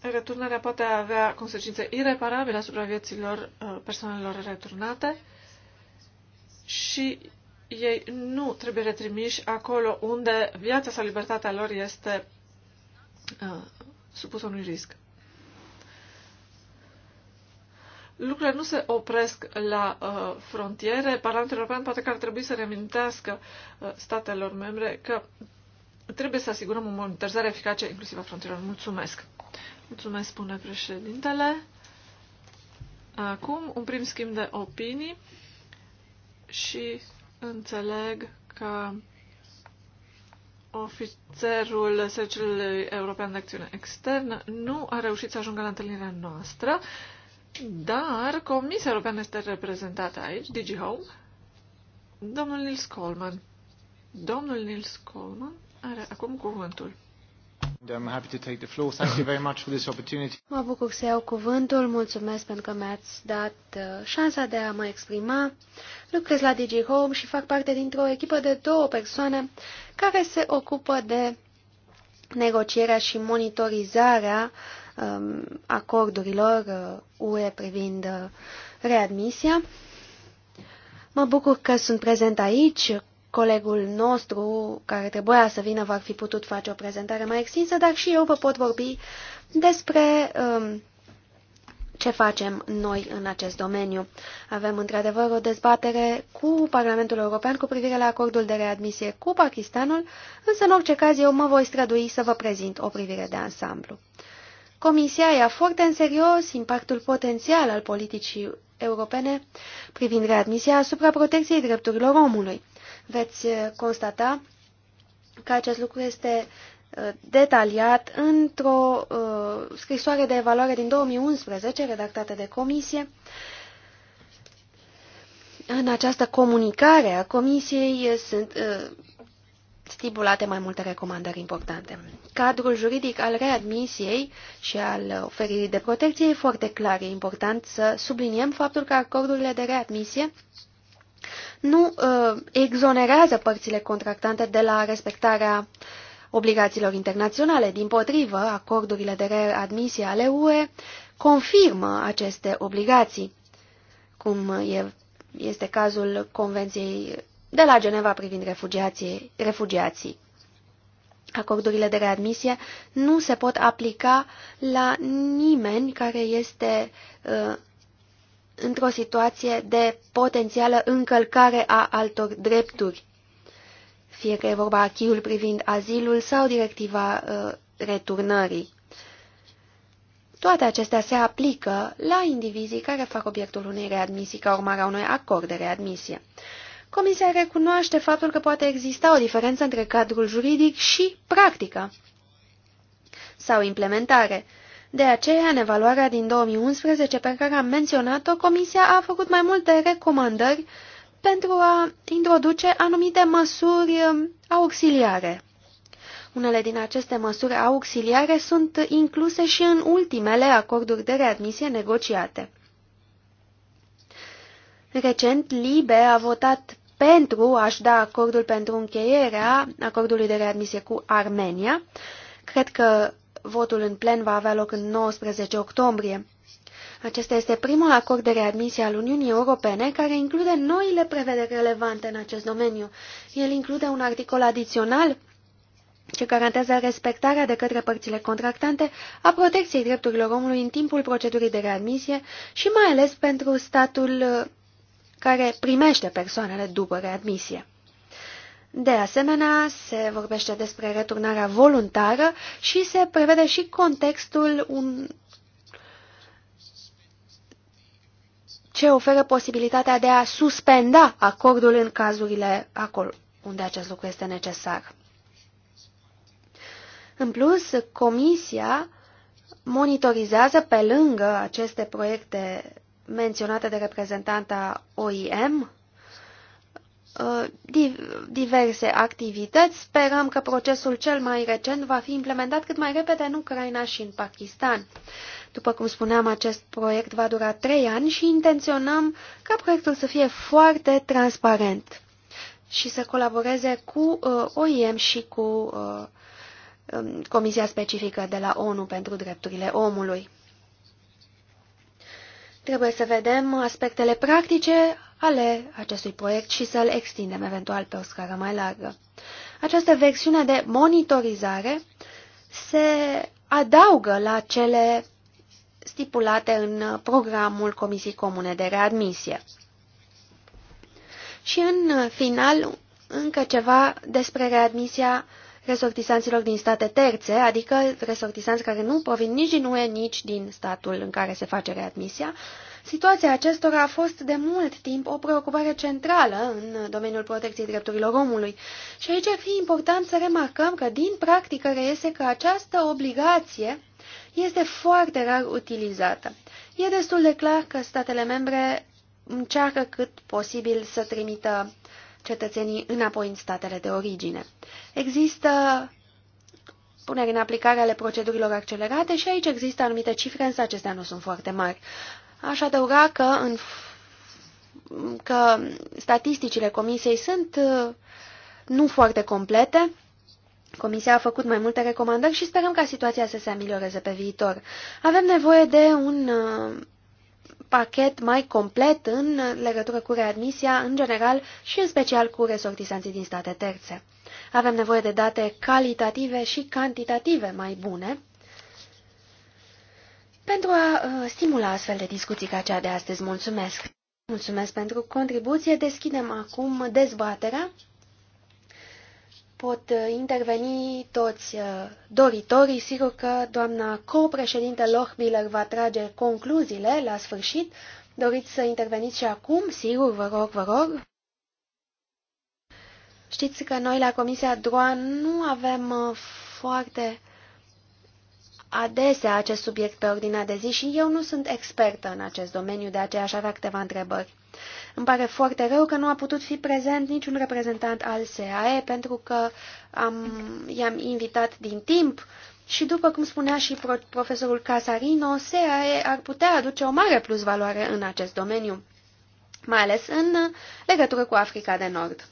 returnarea poate avea consecințe ireparabile asupra vieților uh, persoanelor returnate și ei nu trebuie retrimiși acolo unde viața sau libertatea lor este uh, supusă unui risc. lucrurile nu se opresc la uh, frontiere. Parlamentul European poate că ar trebui să reamintească uh, statelor membre că trebuie să asigurăm o monitorizare eficace inclusiv a frontierelor. Mulțumesc! Mulțumesc, spune președintele. Acum, un prim schimb de opinii și înțeleg că ofițerul Serviciului European de Acțiune Externă nu a reușit să ajungă la întâlnirea noastră. Uh, dar Comisia Europeană este reprezentată aici, DG Home, domnul Nils Coleman. Domnul Nils Coleman are acum cuvântul. I'm happy to take the floor. Thank you very much for this opportunity. Mă bucur să iau cuvântul. Mulțumesc pentru că mi-ați dat uh, șansa de a mă exprima. Lucrez la DG Home și fac parte dintr-o echipă de două persoane care se ocupă de negocierea și monitorizarea uh, Um, acordurilor UE uh, privind uh, readmisia. Mă bucur că sunt prezent aici. Colegul nostru care trebuia să vină va fi putut face o prezentare mai extinsă, dar și eu vă pot vorbi despre um, ce facem noi în acest domeniu. Avem într-adevăr o dezbatere cu Parlamentul European cu privire la acordul de readmisie cu Pakistanul, însă în orice caz eu mă voi strădui să vă prezint o privire de ansamblu. Comisia ia foarte în serios impactul potențial al politicii europene privind readmisia asupra protecției drepturilor omului. Veți eh, constata că acest lucru este eh, detaliat într-o uh, scrisoare de evaluare din 2011 redactată de comisie. În această comunicare a comisiei sunt uh, stipulate mai multe recomandări importante. Cadrul juridic al readmisiei și al oferirii de protecție e foarte clar. E important să subliniem faptul că acordurile de readmisie nu uh, exonerează părțile contractante de la respectarea obligațiilor internaționale. Din potrivă, acordurile de readmisie ale UE confirmă aceste obligații, cum e, este cazul Convenției de la Geneva privind refugiații. refugiații. Acordurile de readmisie nu se pot aplica la nimeni care este uh, într-o situație de potențială încălcare a altor drepturi, fie că e vorba achiul privind azilul sau directiva uh, returnării. Toate acestea se aplică la indivizii care fac obiectul unei readmisii ca urmare a unui acord de readmisie. Comisia recunoaște faptul că poate exista o diferență între cadrul juridic și practica sau implementare. De aceea, în evaluarea din 2011 pe care am menționat-o, Comisia a făcut mai multe recomandări pentru a introduce anumite măsuri um, auxiliare. Unele din aceste măsuri auxiliare sunt incluse și în ultimele acorduri de readmisie negociate. Recent, LIBE a votat pentru a-și da acordul pentru încheierea acordului de readmisie cu Armenia. Cred că votul în plen va avea loc în 19 octombrie. Acesta este primul acord de readmisie al Uniunii Europene care include noile prevederi relevante în acest domeniu. El include un articol adițional ce garantează respectarea de către părțile contractante a protecției drepturilor omului în timpul procedurii de readmisie și mai ales pentru statul care primește persoanele după readmisie. De asemenea, se vorbește despre returnarea voluntară și se prevede și contextul un... ce oferă posibilitatea de a suspenda acordul în cazurile acolo unde acest lucru este necesar. În plus, Comisia monitorizează pe lângă aceste proiecte menționată de reprezentanta OIM, uh, diverse activități. Sperăm că procesul cel mai recent va fi implementat cât mai repede în Ucraina și în Pakistan. După cum spuneam, acest proiect va dura trei ani și intenționăm ca proiectul să fie foarte transparent și să colaboreze cu uh, OIM și cu uh, um, Comisia Specifică de la ONU pentru Drepturile Omului. Trebuie să vedem aspectele practice ale acestui proiect și să-l extindem eventual pe o scară mai largă. Această versiune de monitorizare se adaugă la cele stipulate în programul Comisiei Comune de Readmisie. Și în final, încă ceva despre readmisia resortisanților din state terțe, adică resortisanți care nu provin nici din UE, nici din statul în care se face readmisia. Situația acestora a fost de mult timp o preocupare centrală în domeniul protecției drepturilor omului și aici ar fi important să remarcăm că din practică reiese că această obligație este foarte rar utilizată. E destul de clar că statele membre încearcă cât posibil să trimită cetățenii înapoi în statele de origine. Există punere în aplicare ale procedurilor accelerate și aici există anumite cifre, însă acestea nu sunt foarte mari. Aș adăuga că, în, că statisticile comisiei sunt uh, nu foarte complete, Comisia a făcut mai multe recomandări și sperăm ca situația să se amelioreze pe viitor. Avem nevoie de un uh, pachet mai complet în legătură cu readmisia în general și în special cu resortisanții din state terțe. Avem nevoie de date calitative și cantitative mai bune pentru a uh, stimula astfel de discuții ca cea de astăzi. Mulțumesc! Mulțumesc pentru contribuție. Deschidem acum dezbaterea pot uh, interveni toți uh, doritorii. Sigur că doamna copreședinte Lochbiller va trage concluziile la sfârșit. Doriți să interveniți și acum? Sigur, vă rog, vă rog. Știți că noi la Comisia Droan nu avem uh, foarte adesea acest subiect pe ordinea de zi și eu nu sunt expertă în acest domeniu, de aceea aș avea câteva întrebări. Îmi pare foarte rău că nu a putut fi prezent niciun reprezentant al SAE pentru că i-am invitat din timp și după cum spunea și pro profesorul Casarino, SAE ar putea aduce o mare plus valoare în acest domeniu, mai ales în legătură cu Africa de Nord.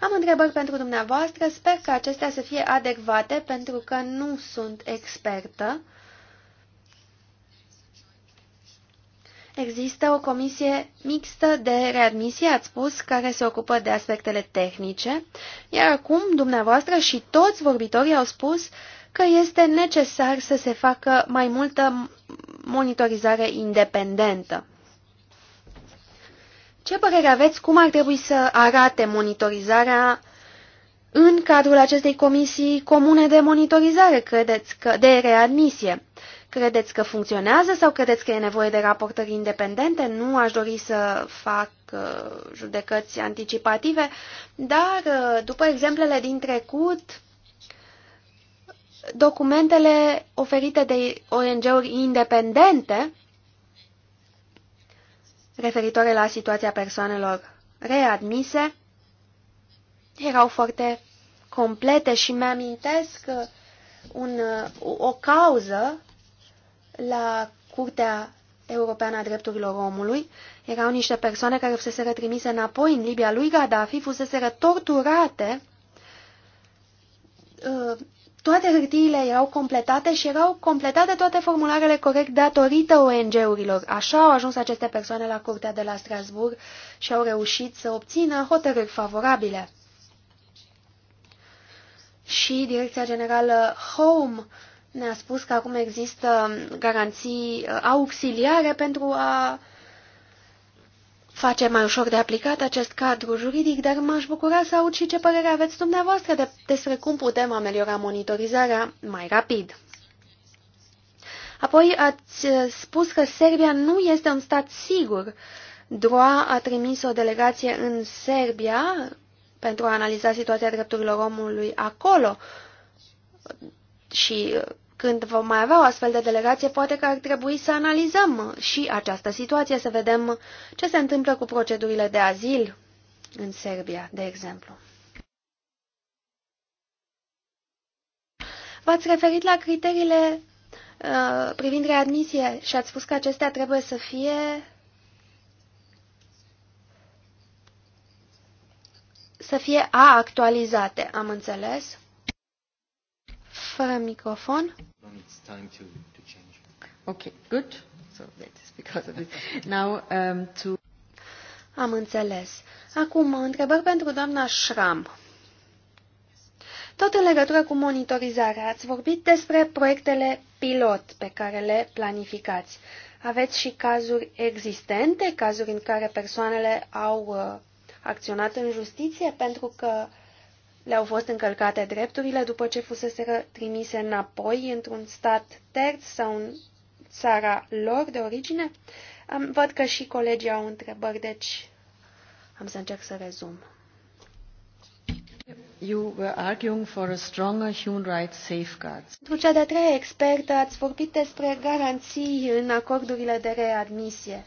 Am întrebări pentru dumneavoastră, sper că acestea să fie adecvate pentru că nu sunt expertă Există o comisie mixtă de readmisie, ați spus, care se ocupă de aspectele tehnice, iar acum dumneavoastră și toți vorbitorii au spus că este necesar să se facă mai multă monitorizare independentă. Ce părere aveți cum ar trebui să arate monitorizarea în cadrul acestei comisii comune de monitorizare, credeți că, de readmisie? Credeți că funcționează sau credeți că e nevoie de raportări independente? Nu aș dori să fac uh, judecăți anticipative, dar uh, după exemplele din trecut, documentele oferite de ONG-uri independente referitoare la situația persoanelor readmise erau foarte complete și mi-amintesc uh, un, o cauză la Curtea Europeană a Drepturilor Omului. Erau niște persoane care fuseseră trimise înapoi în Libia lui Gaddafi, fuseseră torturate. Uh, toate hârtiile erau completate și erau completate toate formularele corect datorită ONG-urilor. Așa au ajuns aceste persoane la Curtea de la Strasburg și au reușit să obțină hotărâri favorabile. Și Direcția Generală Home ne-a spus că acum există garanții uh, auxiliare pentru a face mai ușor de aplicat acest cadru juridic, dar m-aș bucura să aud și ce părere aveți dumneavoastră de, despre cum putem ameliora monitorizarea mai rapid. Apoi ați uh, spus că Serbia nu este un stat sigur. Droa a trimis o delegație în Serbia pentru a analiza situația drepturilor omului acolo și uh, când vom mai avea o astfel de delegație, poate că ar trebui să analizăm și această situație, să vedem ce se întâmplă cu procedurile de azil în Serbia, de exemplu. V-ați referit la criteriile uh, privind readmisie și ați spus că acestea trebuie să fie să fie a actualizate, am înțeles fără microfon. Ok, good. So that is because of this. Now, um, to... Am înțeles. Acum, întrebări pentru doamna Schramm. Tot în legătură cu monitorizarea, ați vorbit despre proiectele pilot pe care le planificați. Aveți și cazuri existente, cazuri în care persoanele au uh, acționat în justiție pentru că le-au fost încălcate drepturile după ce fusese trimise înapoi într-un stat terț sau în țara lor de origine? Am, văd că și colegii au întrebări, deci am să încerc să rezum. You were arguing for a stronger human rights safeguards. Pentru cea de-a treia expertă ați vorbit despre garanții în acordurile de readmisie.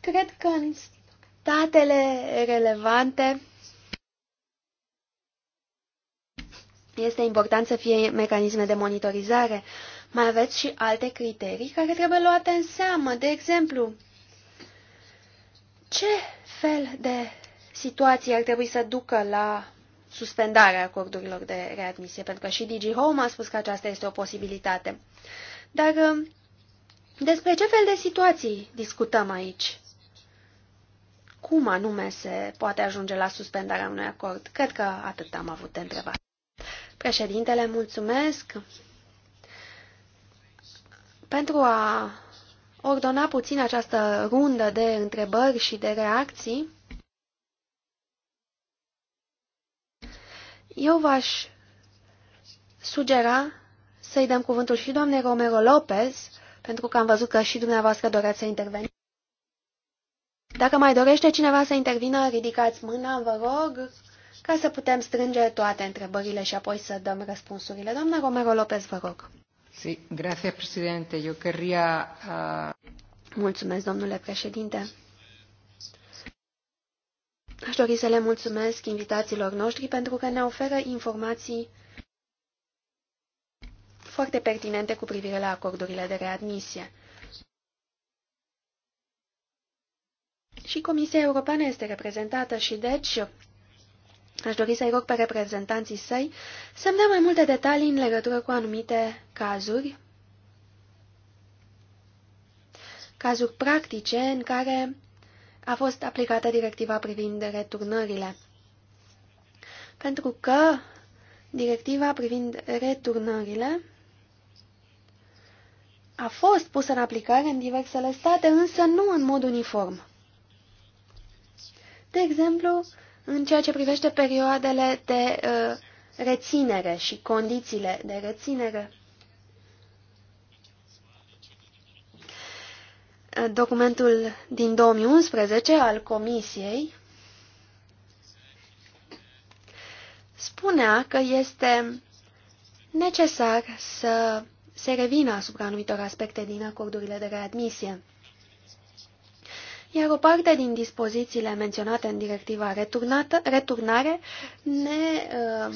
Cred că în datele relevante este important să fie mecanisme de monitorizare. Mai aveți și alte criterii care trebuie luate în seamă. De exemplu, ce fel de situații ar trebui să ducă la suspendarea acordurilor de readmisie? Pentru că și DigiHome a spus că aceasta este o posibilitate. Dar um, despre ce fel de situații discutăm aici? cum anume se poate ajunge la suspendarea unui acord. Cred că atât am avut de întrebat. Președintele, mulțumesc pentru a ordona puțin această rundă de întrebări și de reacții. Eu v-aș sugera să-i dăm cuvântul și doamnei Romero Lopez, pentru că am văzut că și dumneavoastră doreați să interveniți. Dacă mai dorește cineva să intervină, ridicați mâna, vă rog, ca să putem strânge toate întrebările și apoi să dăm răspunsurile. Doamna Romero Lopez, vă rog. Sí, gracias, presidente. Yo querría, uh... Mulțumesc, domnule președinte. Aș dori să le mulțumesc invitațiilor noștri pentru că ne oferă informații foarte pertinente cu privire la acordurile de readmisie. Și Comisia Europeană este reprezentată și deci aș dori să-i rog pe reprezentanții săi să-mi dea mai multe detalii în legătură cu anumite cazuri, cazuri practice în care a fost aplicată directiva privind returnările. Pentru că directiva privind returnările a fost pusă în aplicare în diversele state, însă nu în mod uniform. De exemplu, în ceea ce privește perioadele de uh, reținere și condițiile de reținere. Documentul din 2011 al Comisiei spunea că este necesar să se revină asupra anumitor aspecte din acordurile de readmisie iar o parte din dispozițiile menționate în directiva returnată, returnare ne uh,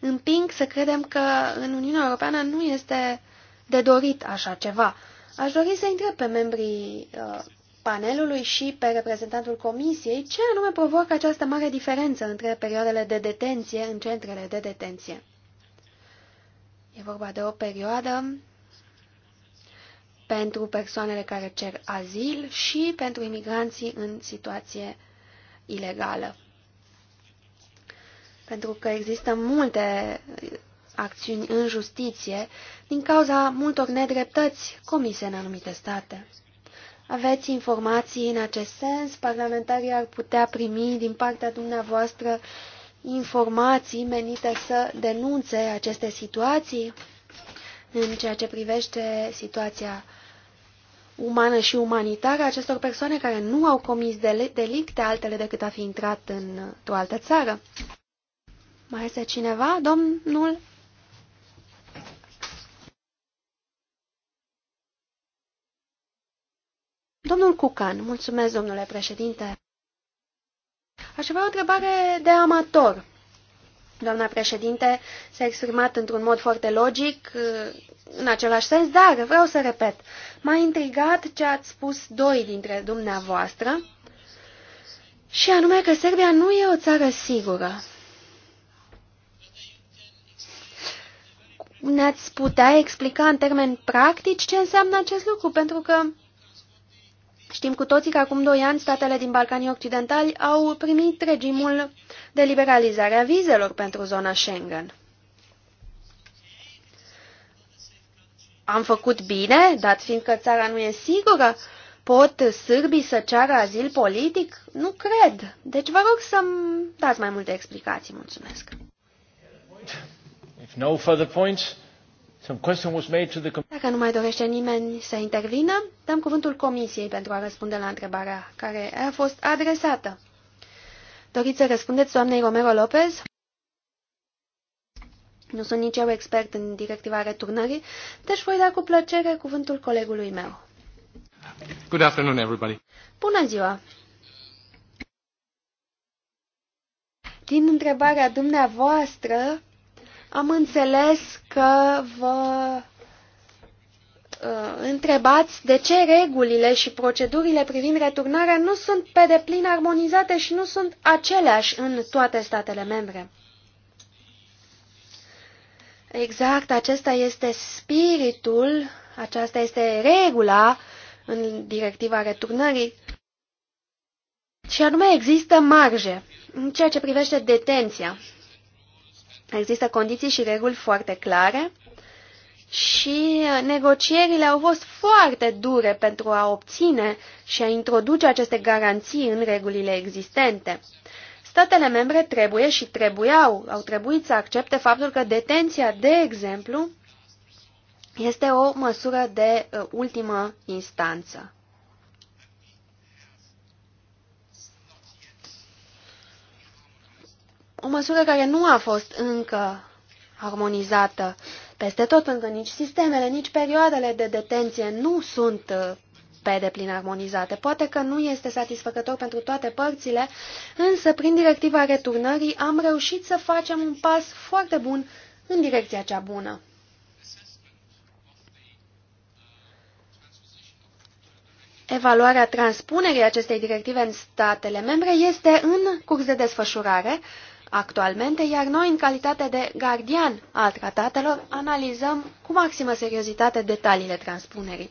împing să credem că în Uniunea Europeană nu este de dorit așa ceva. Aș dori să întreb pe membrii uh, panelului și pe reprezentantul comisiei ce anume provoacă această mare diferență între perioadele de detenție în centrele de detenție. E vorba de o perioadă pentru persoanele care cer azil și pentru imigranții în situație ilegală. Pentru că există multe acțiuni în justiție din cauza multor nedreptăți comise în anumite state. Aveți informații în acest sens? Parlamentarii ar putea primi din partea dumneavoastră informații menite să denunțe aceste situații în ceea ce privește situația umană și umanitară a acestor persoane care nu au comis delicte altele decât a fi intrat într-o altă țară. Mai este cineva? Domnul? Domnul Cucan, mulțumesc, domnule președinte. Aș avea o întrebare de amator. Doamna președinte s-a exprimat într-un mod foarte logic în același sens, dar vreau să repet. M-a intrigat ce ați spus doi dintre dumneavoastră și anume că Serbia nu e o țară sigură. Ne-ați putea explica în termeni practici ce înseamnă acest lucru, pentru că Știm cu toții că acum doi ani statele din Balcanii Occidentali au primit regimul de liberalizare a vizelor pentru zona Schengen. Am făcut bine, dat fiindcă țara nu e sigură? Pot sârbii să ceară azil politic? Nu cred. Deci vă rog să-mi dați mai multe explicații. Mulțumesc. If no further points, dacă nu mai dorește nimeni să intervină, dăm cuvântul Comisiei pentru a răspunde la întrebarea care a fost adresată. Doriți să răspundeți doamnei Romero Lopez? Nu sunt nici eu expert în directiva returnării, deci voi da cu plăcere cuvântul colegului meu. Good afternoon, everybody. Bună ziua! Din întrebarea dumneavoastră, am înțeles că vă uh, întrebați de ce regulile și procedurile privind returnarea nu sunt pe deplin armonizate și nu sunt aceleași în toate statele membre. Exact, acesta este spiritul, aceasta este regula în directiva returnării. Și anume există marje în ceea ce privește detenția. Există condiții și reguli foarte clare și negocierile au fost foarte dure pentru a obține și a introduce aceste garanții în regulile existente. Statele membre trebuie și trebuiau, au trebuit să accepte faptul că detenția, de exemplu, este o măsură de uh, ultimă instanță. O măsură care nu a fost încă armonizată peste tot, pentru că nici sistemele, nici perioadele de detenție nu sunt uh, pe deplin armonizate. Poate că nu este satisfăcător pentru toate părțile, însă prin directiva returnării am reușit să facem un pas foarte bun în direcția cea bună. Evaluarea transpunerii acestei directive în statele membre este în curs de desfășurare actualmente, iar noi, în calitate de gardian al tratatelor, analizăm cu maximă seriozitate detaliile transpunerii.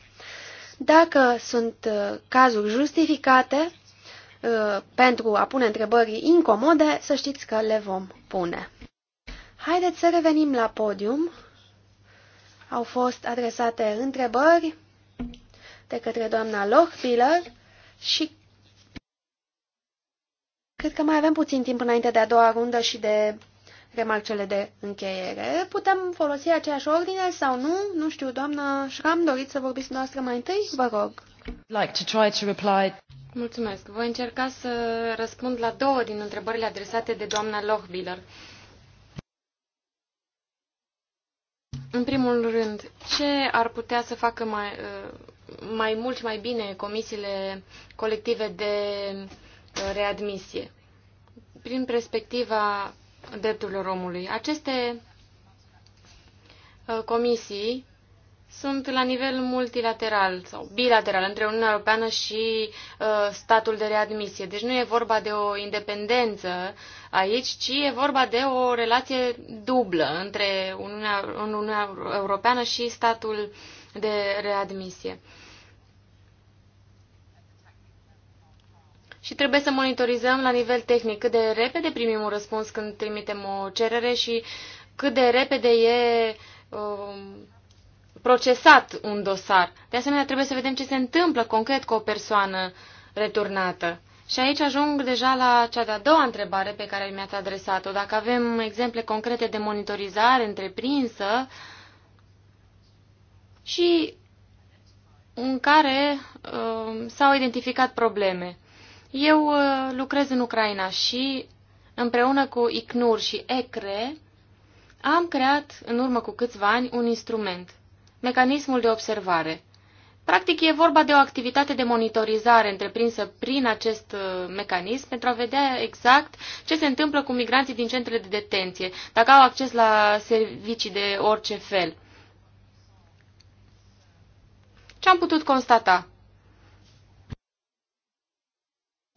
Dacă sunt uh, cazuri justificate uh, pentru a pune întrebări incomode, să știți că le vom pune. Haideți să revenim la podium. Au fost adresate întrebări de către doamna Lochbiller și Cred că mai avem puțin timp înainte de a doua rundă și de remarcele de încheiere. Putem folosi aceeași ordine sau nu? Nu știu, doamna Șram, doriți să vorbiți noastră mai întâi? Vă rog. Like to try to reply. Mulțumesc. Voi încerca să răspund la două din întrebările adresate de doamna Lochbiller. În primul rând, ce ar putea să facă mai, uh, mai mult și mai bine comisiile colective de readmisie, prin perspectiva drepturilor omului. Aceste ă, comisii sunt la nivel multilateral sau bilateral între Uniunea Europeană și uh, statul de readmisie. Deci nu e vorba de o independență aici, ci e vorba de o relație dublă între Uniunea, Uniunea Europeană și statul de readmisie. Uh, și trebuie să monitorizăm la nivel tehnic cât de repede primim un răspuns când trimitem o cerere și cât de repede e um, procesat un dosar. De asemenea, trebuie să vedem ce se întâmplă concret cu o persoană returnată. Și aici ajung deja la cea de-a doua întrebare pe care mi-ați adresat-o. Dacă avem exemple concrete de monitorizare întreprinsă și în care uh, s-au identificat probleme. Eu uh, lucrez în Ucraina și împreună cu ICNUR și ECRE am creat în urmă cu câțiva ani un instrument, mecanismul de observare. Practic e vorba de o activitate de monitorizare întreprinsă prin acest uh, mecanism pentru a vedea exact ce se întâmplă cu migranții din centrele de detenție, dacă au acces la servicii de orice fel. Ce am putut constata?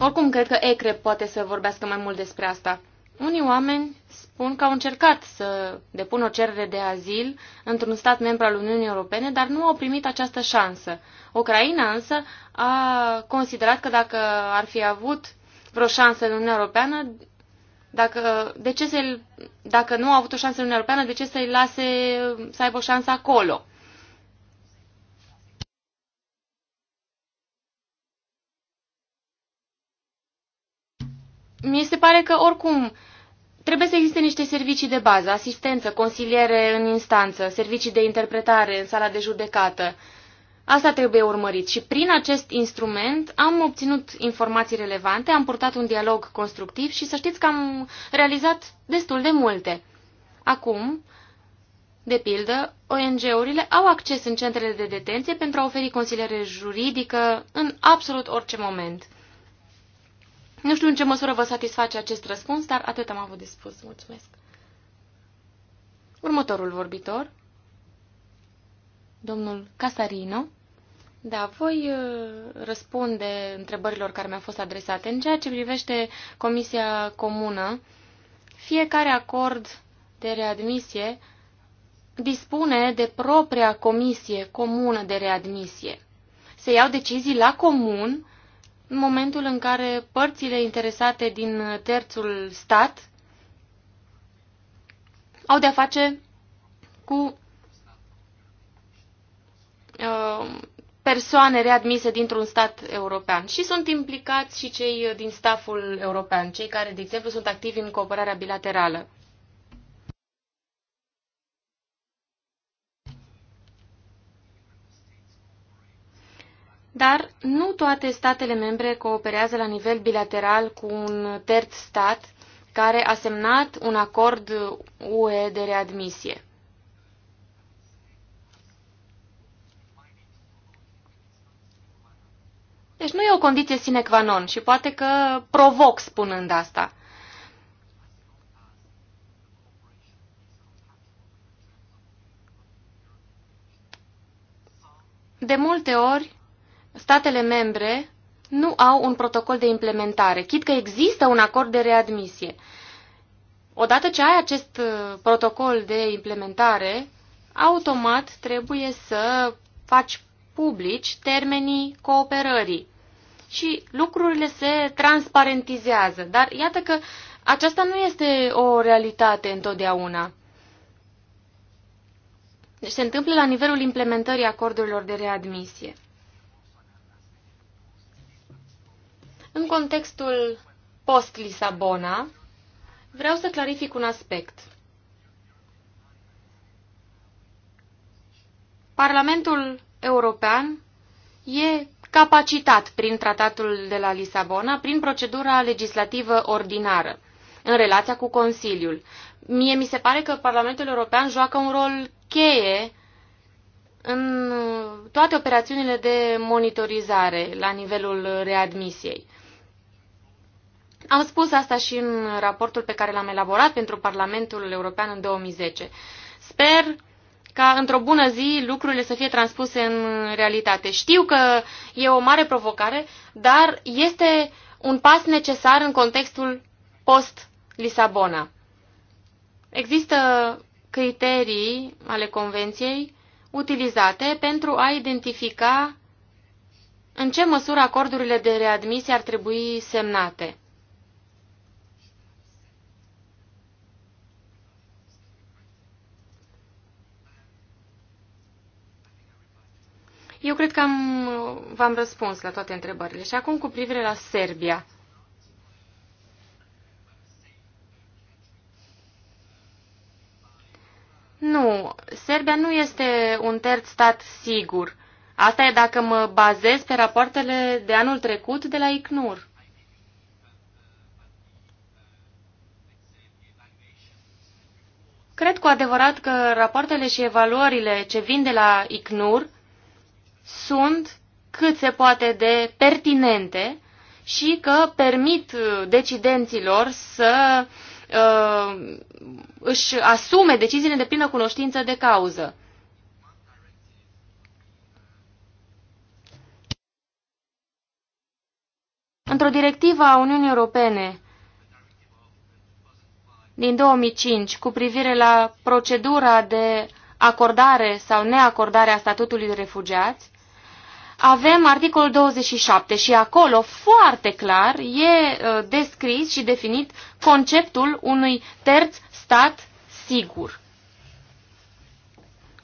Oricum, cred că ECRE poate să vorbească mai mult despre asta. Unii oameni spun că au încercat să depună o cerere de azil într-un stat membru al Uniunii Europene, dar nu au primit această șansă. Ucraina însă a considerat că dacă ar fi avut vreo șansă în Uniunea Europeană, dacă, de ce să dacă nu a avut o șansă în Uniunea Europeană, de ce să-i lase să aibă o șansă acolo? mi se pare că oricum trebuie să existe niște servicii de bază, asistență, consiliere în instanță, servicii de interpretare în sala de judecată. Asta trebuie urmărit și prin acest instrument am obținut informații relevante, am purtat un dialog constructiv și să știți că am realizat destul de multe. Acum, de pildă, ONG-urile au acces în centrele de detenție pentru a oferi consiliere juridică în absolut orice moment. Nu știu în ce măsură vă satisface acest răspuns, dar atât am avut de spus. Mulțumesc. Următorul vorbitor, domnul Casarino. Da, voi uh, răspunde întrebărilor care mi-au fost adresate. În ceea ce privește Comisia Comună, fiecare acord de readmisie dispune de propria comisie comună de readmisie. Se iau decizii la comun în momentul în care părțile interesate din terțul stat au de-a face cu uh, persoane readmise dintr-un stat european și sunt implicați și cei din staful european, cei care, de exemplu, sunt activi în cooperarea bilaterală. dar nu toate statele membre cooperează la nivel bilateral cu un terț stat care a semnat un acord UE de readmisie. Deci nu e o condiție sine qua non și poate că provoc spunând asta. De multe ori, statele membre nu au un protocol de implementare, chit că există un acord de readmisie. Odată ce ai acest uh, protocol de implementare, automat trebuie să faci publici termenii cooperării și lucrurile se transparentizează. Dar iată că aceasta nu este o realitate întotdeauna. Deci se întâmplă la nivelul implementării acordurilor de readmisie. În contextul post-Lisabona, vreau să clarific un aspect. Parlamentul European e capacitat prin tratatul de la Lisabona, prin procedura legislativă ordinară, în relația cu Consiliul. Mie mi se pare că Parlamentul European joacă un rol cheie în toate operațiunile de monitorizare la nivelul readmisiei. Am spus asta și în raportul pe care l-am elaborat pentru Parlamentul European în 2010. Sper ca într-o bună zi lucrurile să fie transpuse în realitate. Știu că e o mare provocare, dar este un pas necesar în contextul post-Lisabona. Există criterii ale Convenției utilizate pentru a identifica în ce măsură acordurile de readmisie ar trebui semnate. Eu cred că am, v-am răspuns la toate întrebările. Și acum cu privire la Serbia. Nu, Serbia nu este un terț stat sigur. Asta e dacă mă bazez pe rapoartele de anul trecut de la ICNUR. Cred cu adevărat că rapoartele și evaluările ce vin de la ICNUR sunt cât se poate de pertinente și că permit decidenților să uh, își asume deciziile de plină cunoștință de cauză. Într-o directivă a Uniunii Europene din 2005 cu privire la procedura de acordare sau neacordare a statutului de refugiați, avem articolul 27 și acolo foarte clar e uh, descris și definit conceptul unui terț stat sigur.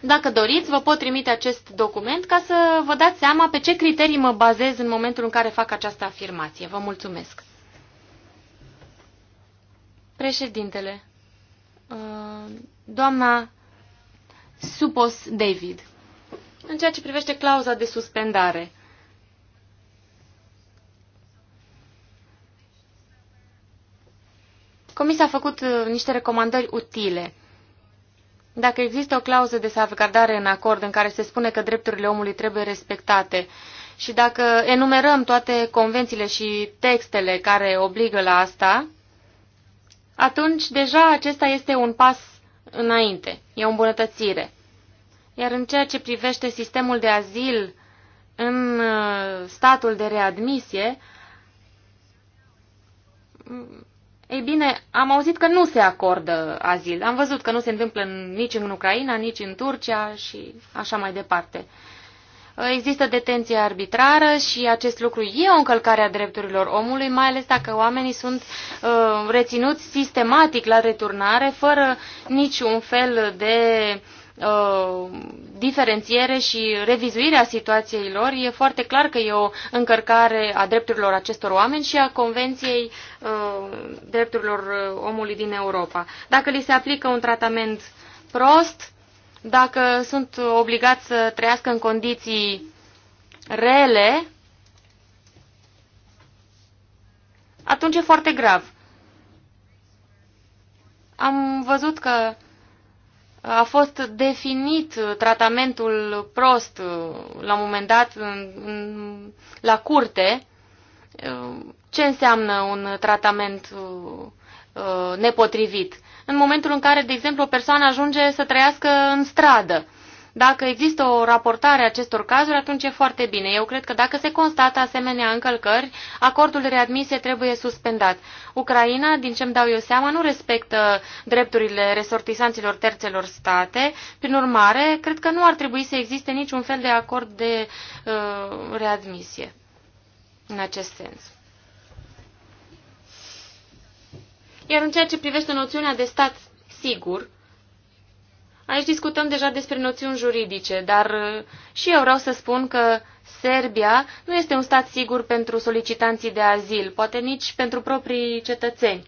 Dacă doriți, vă pot trimite acest document ca să vă dați seama pe ce criterii mă bazez în momentul în care fac această afirmație. Vă mulțumesc. Președintele, uh, doamna Supos David în ceea ce privește clauza de suspendare. Comisia a făcut uh, niște recomandări utile. Dacă există o clauză de salvgardare în acord în care se spune că drepturile omului trebuie respectate și dacă enumerăm toate convențiile și textele care obligă la asta, atunci deja acesta este un pas înainte, e o îmbunătățire. Iar în ceea ce privește sistemul de azil în uh, statul de readmisie, mm, ei bine, am auzit că nu se acordă azil. Am văzut că nu se întâmplă nici în Ucraina, nici în Turcia și așa mai departe. Uh, există detenție arbitrară și acest lucru e o încălcare a drepturilor omului, mai ales dacă oamenii sunt uh, reținuți sistematic la returnare, fără niciun fel de Uh, diferențiere și revizuirea situației lor, e foarte clar că e o încărcare a drepturilor acestor oameni și a Convenției uh, Drepturilor Omului din Europa. Dacă li se aplică un tratament prost, dacă sunt obligați să trăiască în condiții rele, atunci e foarte grav. Am văzut că a fost definit tratamentul prost la un moment dat în, în, la curte. Ce înseamnă un tratament uh, nepotrivit? În momentul în care, de exemplu, o persoană ajunge să trăiască în stradă dacă există o raportare a acestor cazuri, atunci e foarte bine. Eu cred că dacă se constată asemenea încălcări, acordul de readmisie trebuie suspendat. Ucraina, din ce-mi dau eu seama, nu respectă drepturile resortisanților terțelor state. Prin urmare, cred că nu ar trebui să existe niciun fel de acord de uh, readmisie în acest sens. Iar în ceea ce privește noțiunea de stat sigur, Aici discutăm deja despre noțiuni juridice, dar uh, și eu vreau să spun că Serbia nu este un stat sigur pentru solicitanții de azil, poate nici pentru proprii cetățeni.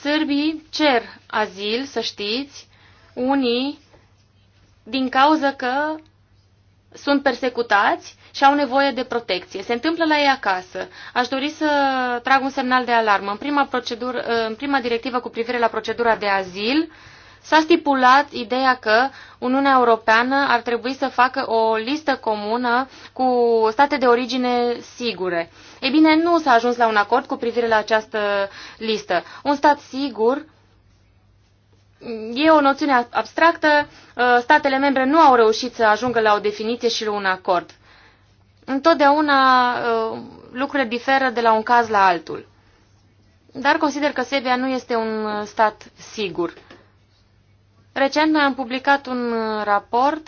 Sârbii cer azil, să știți, unii din cauza că sunt persecutați și au nevoie de protecție. Se întâmplă la ei acasă. Aș dori să trag un semnal de alarmă. În prima, procedură, în prima directivă cu privire la procedura de azil, s-a stipulat ideea că Uniunea Europeană ar trebui să facă o listă comună cu state de origine sigure. Ei bine, nu s-a ajuns la un acord cu privire la această listă. Un stat sigur e o noțiune abstractă, uh, statele membre nu au reușit să ajungă la o definiție și la un acord. Întotdeauna uh, lucrurile diferă de la un caz la altul. Dar consider că Serbia nu este un stat sigur. Recent noi am publicat un uh, raport,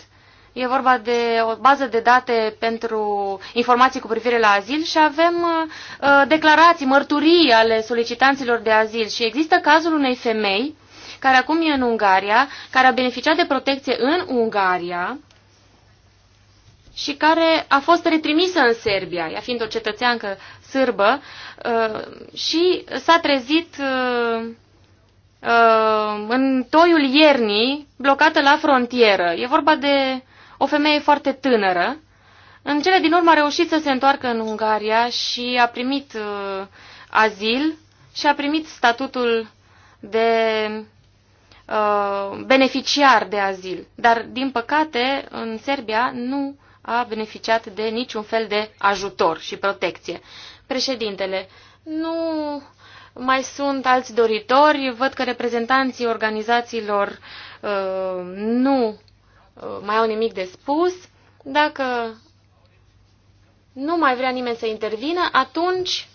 e vorba de o bază de date pentru informații cu privire la azil și avem uh, uh, declarații, mărturii ale solicitanților de azil și există cazul unei femei care acum e în Ungaria, care a beneficiat de protecție în Ungaria și care a fost retrimisă în Serbia, ea fiind o cetățeancă sârbă, uh, și s-a trezit Uh, în toiul iernii blocată la frontieră. E vorba de o femeie foarte tânără. În cele din urmă a reușit să se întoarcă în Ungaria și a primit uh, azil și a primit statutul de uh, beneficiar de azil. Dar, din păcate, în Serbia nu a beneficiat de niciun fel de ajutor și protecție. Președintele, nu mai sunt alți doritori, văd că reprezentanții organizațiilor uh, nu uh, mai au nimic de spus. Dacă nu mai vrea nimeni să intervină, atunci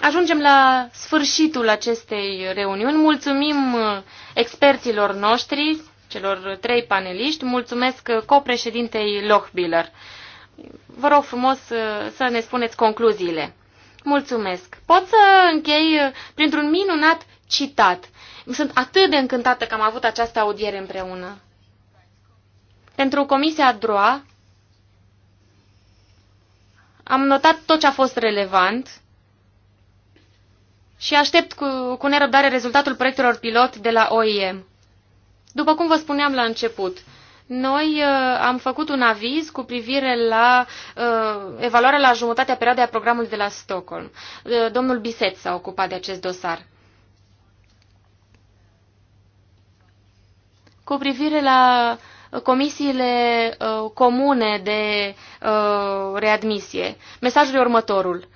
ajungem la sfârșitul acestei reuniuni. Mulțumim uh, experților noștri, celor trei paneliști, mulțumesc uh, copreședintei Lochbiller. Vă rog frumos uh, să ne spuneți concluziile. Mulțumesc. Pot să închei uh, printr-un minunat citat. Sunt atât de încântată că am avut această audiere împreună. Pentru Comisia DROA am notat tot ce a fost relevant și aștept cu, cu nerăbdare rezultatul proiectelor pilot de la OIM. După cum vă spuneam la început, noi uh, am făcut un aviz cu privire la uh, evaluarea la jumătatea perioadei a programului de la Stockholm. Uh, domnul Biset s-a ocupat de acest dosar. Cu privire la comisiile uh, comune de uh, readmisie. Mesajul e următorul.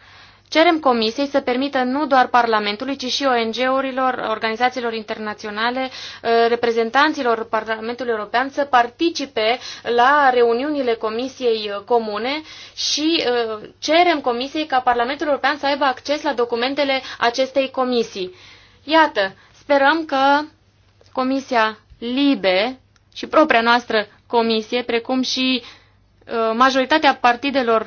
Cerem Comisiei să permită nu doar Parlamentului, ci și ONG-urilor, organizațiilor internaționale, uh, reprezentanților Parlamentului European să participe la reuniunile Comisiei uh, Comune și uh, cerem Comisiei ca Parlamentul European să aibă acces la documentele acestei comisii. Iată, sperăm că Comisia Libe și propria noastră comisie, precum și majoritatea partidelor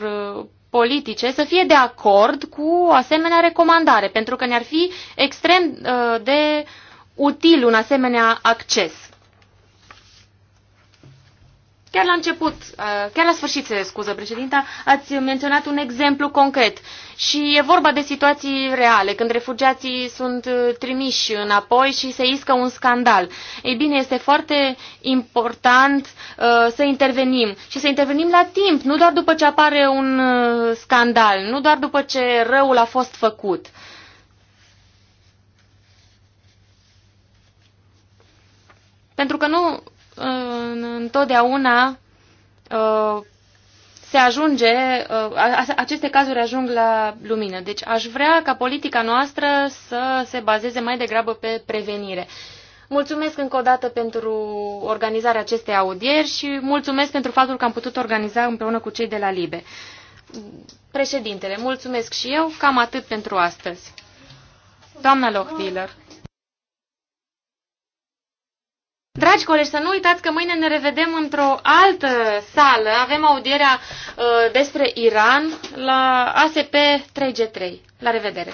politice să fie de acord cu o asemenea recomandare, pentru că ne-ar fi extrem uh, de util un asemenea acces. Chiar la început, uh, chiar la sfârșit, se scuză președinta, ați menționat un exemplu concret și e vorba de situații reale, când refugiații sunt uh, trimiși înapoi și se iscă un scandal. Ei bine, este foarte important uh, să intervenim și să intervenim la timp, nu doar după ce apare un scandal, nu doar după ce răul a fost făcut. Pentru că nu întotdeauna uh, se ajunge, uh, aceste cazuri ajung la lumină. Deci aș vrea ca politica noastră să se bazeze mai degrabă pe prevenire. Mulțumesc încă o dată pentru organizarea acestei audieri și mulțumesc pentru faptul că am putut organiza împreună cu cei de la LIBE. Președintele, mulțumesc și eu, cam atât pentru astăzi. Doamna Lochbiller. Dragi colegi, să nu uitați că mâine ne revedem într-o altă sală. Avem audierea uh, despre Iran la ASP 3G3. La revedere!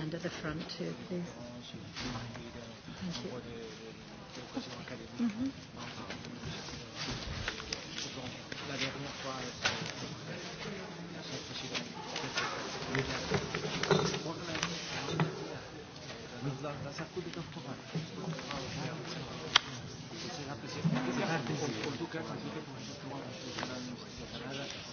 And at the front too, please. Thank you. Mm-hmm.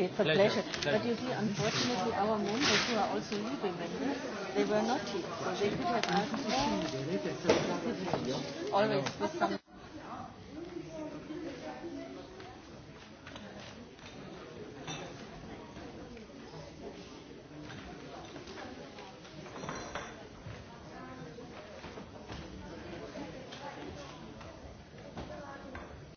really, it's a pleasure. pleasure. pleasure. But you see, unfortunately, our members who are also leaving members, they were not here, so they could have asked more. Always with some.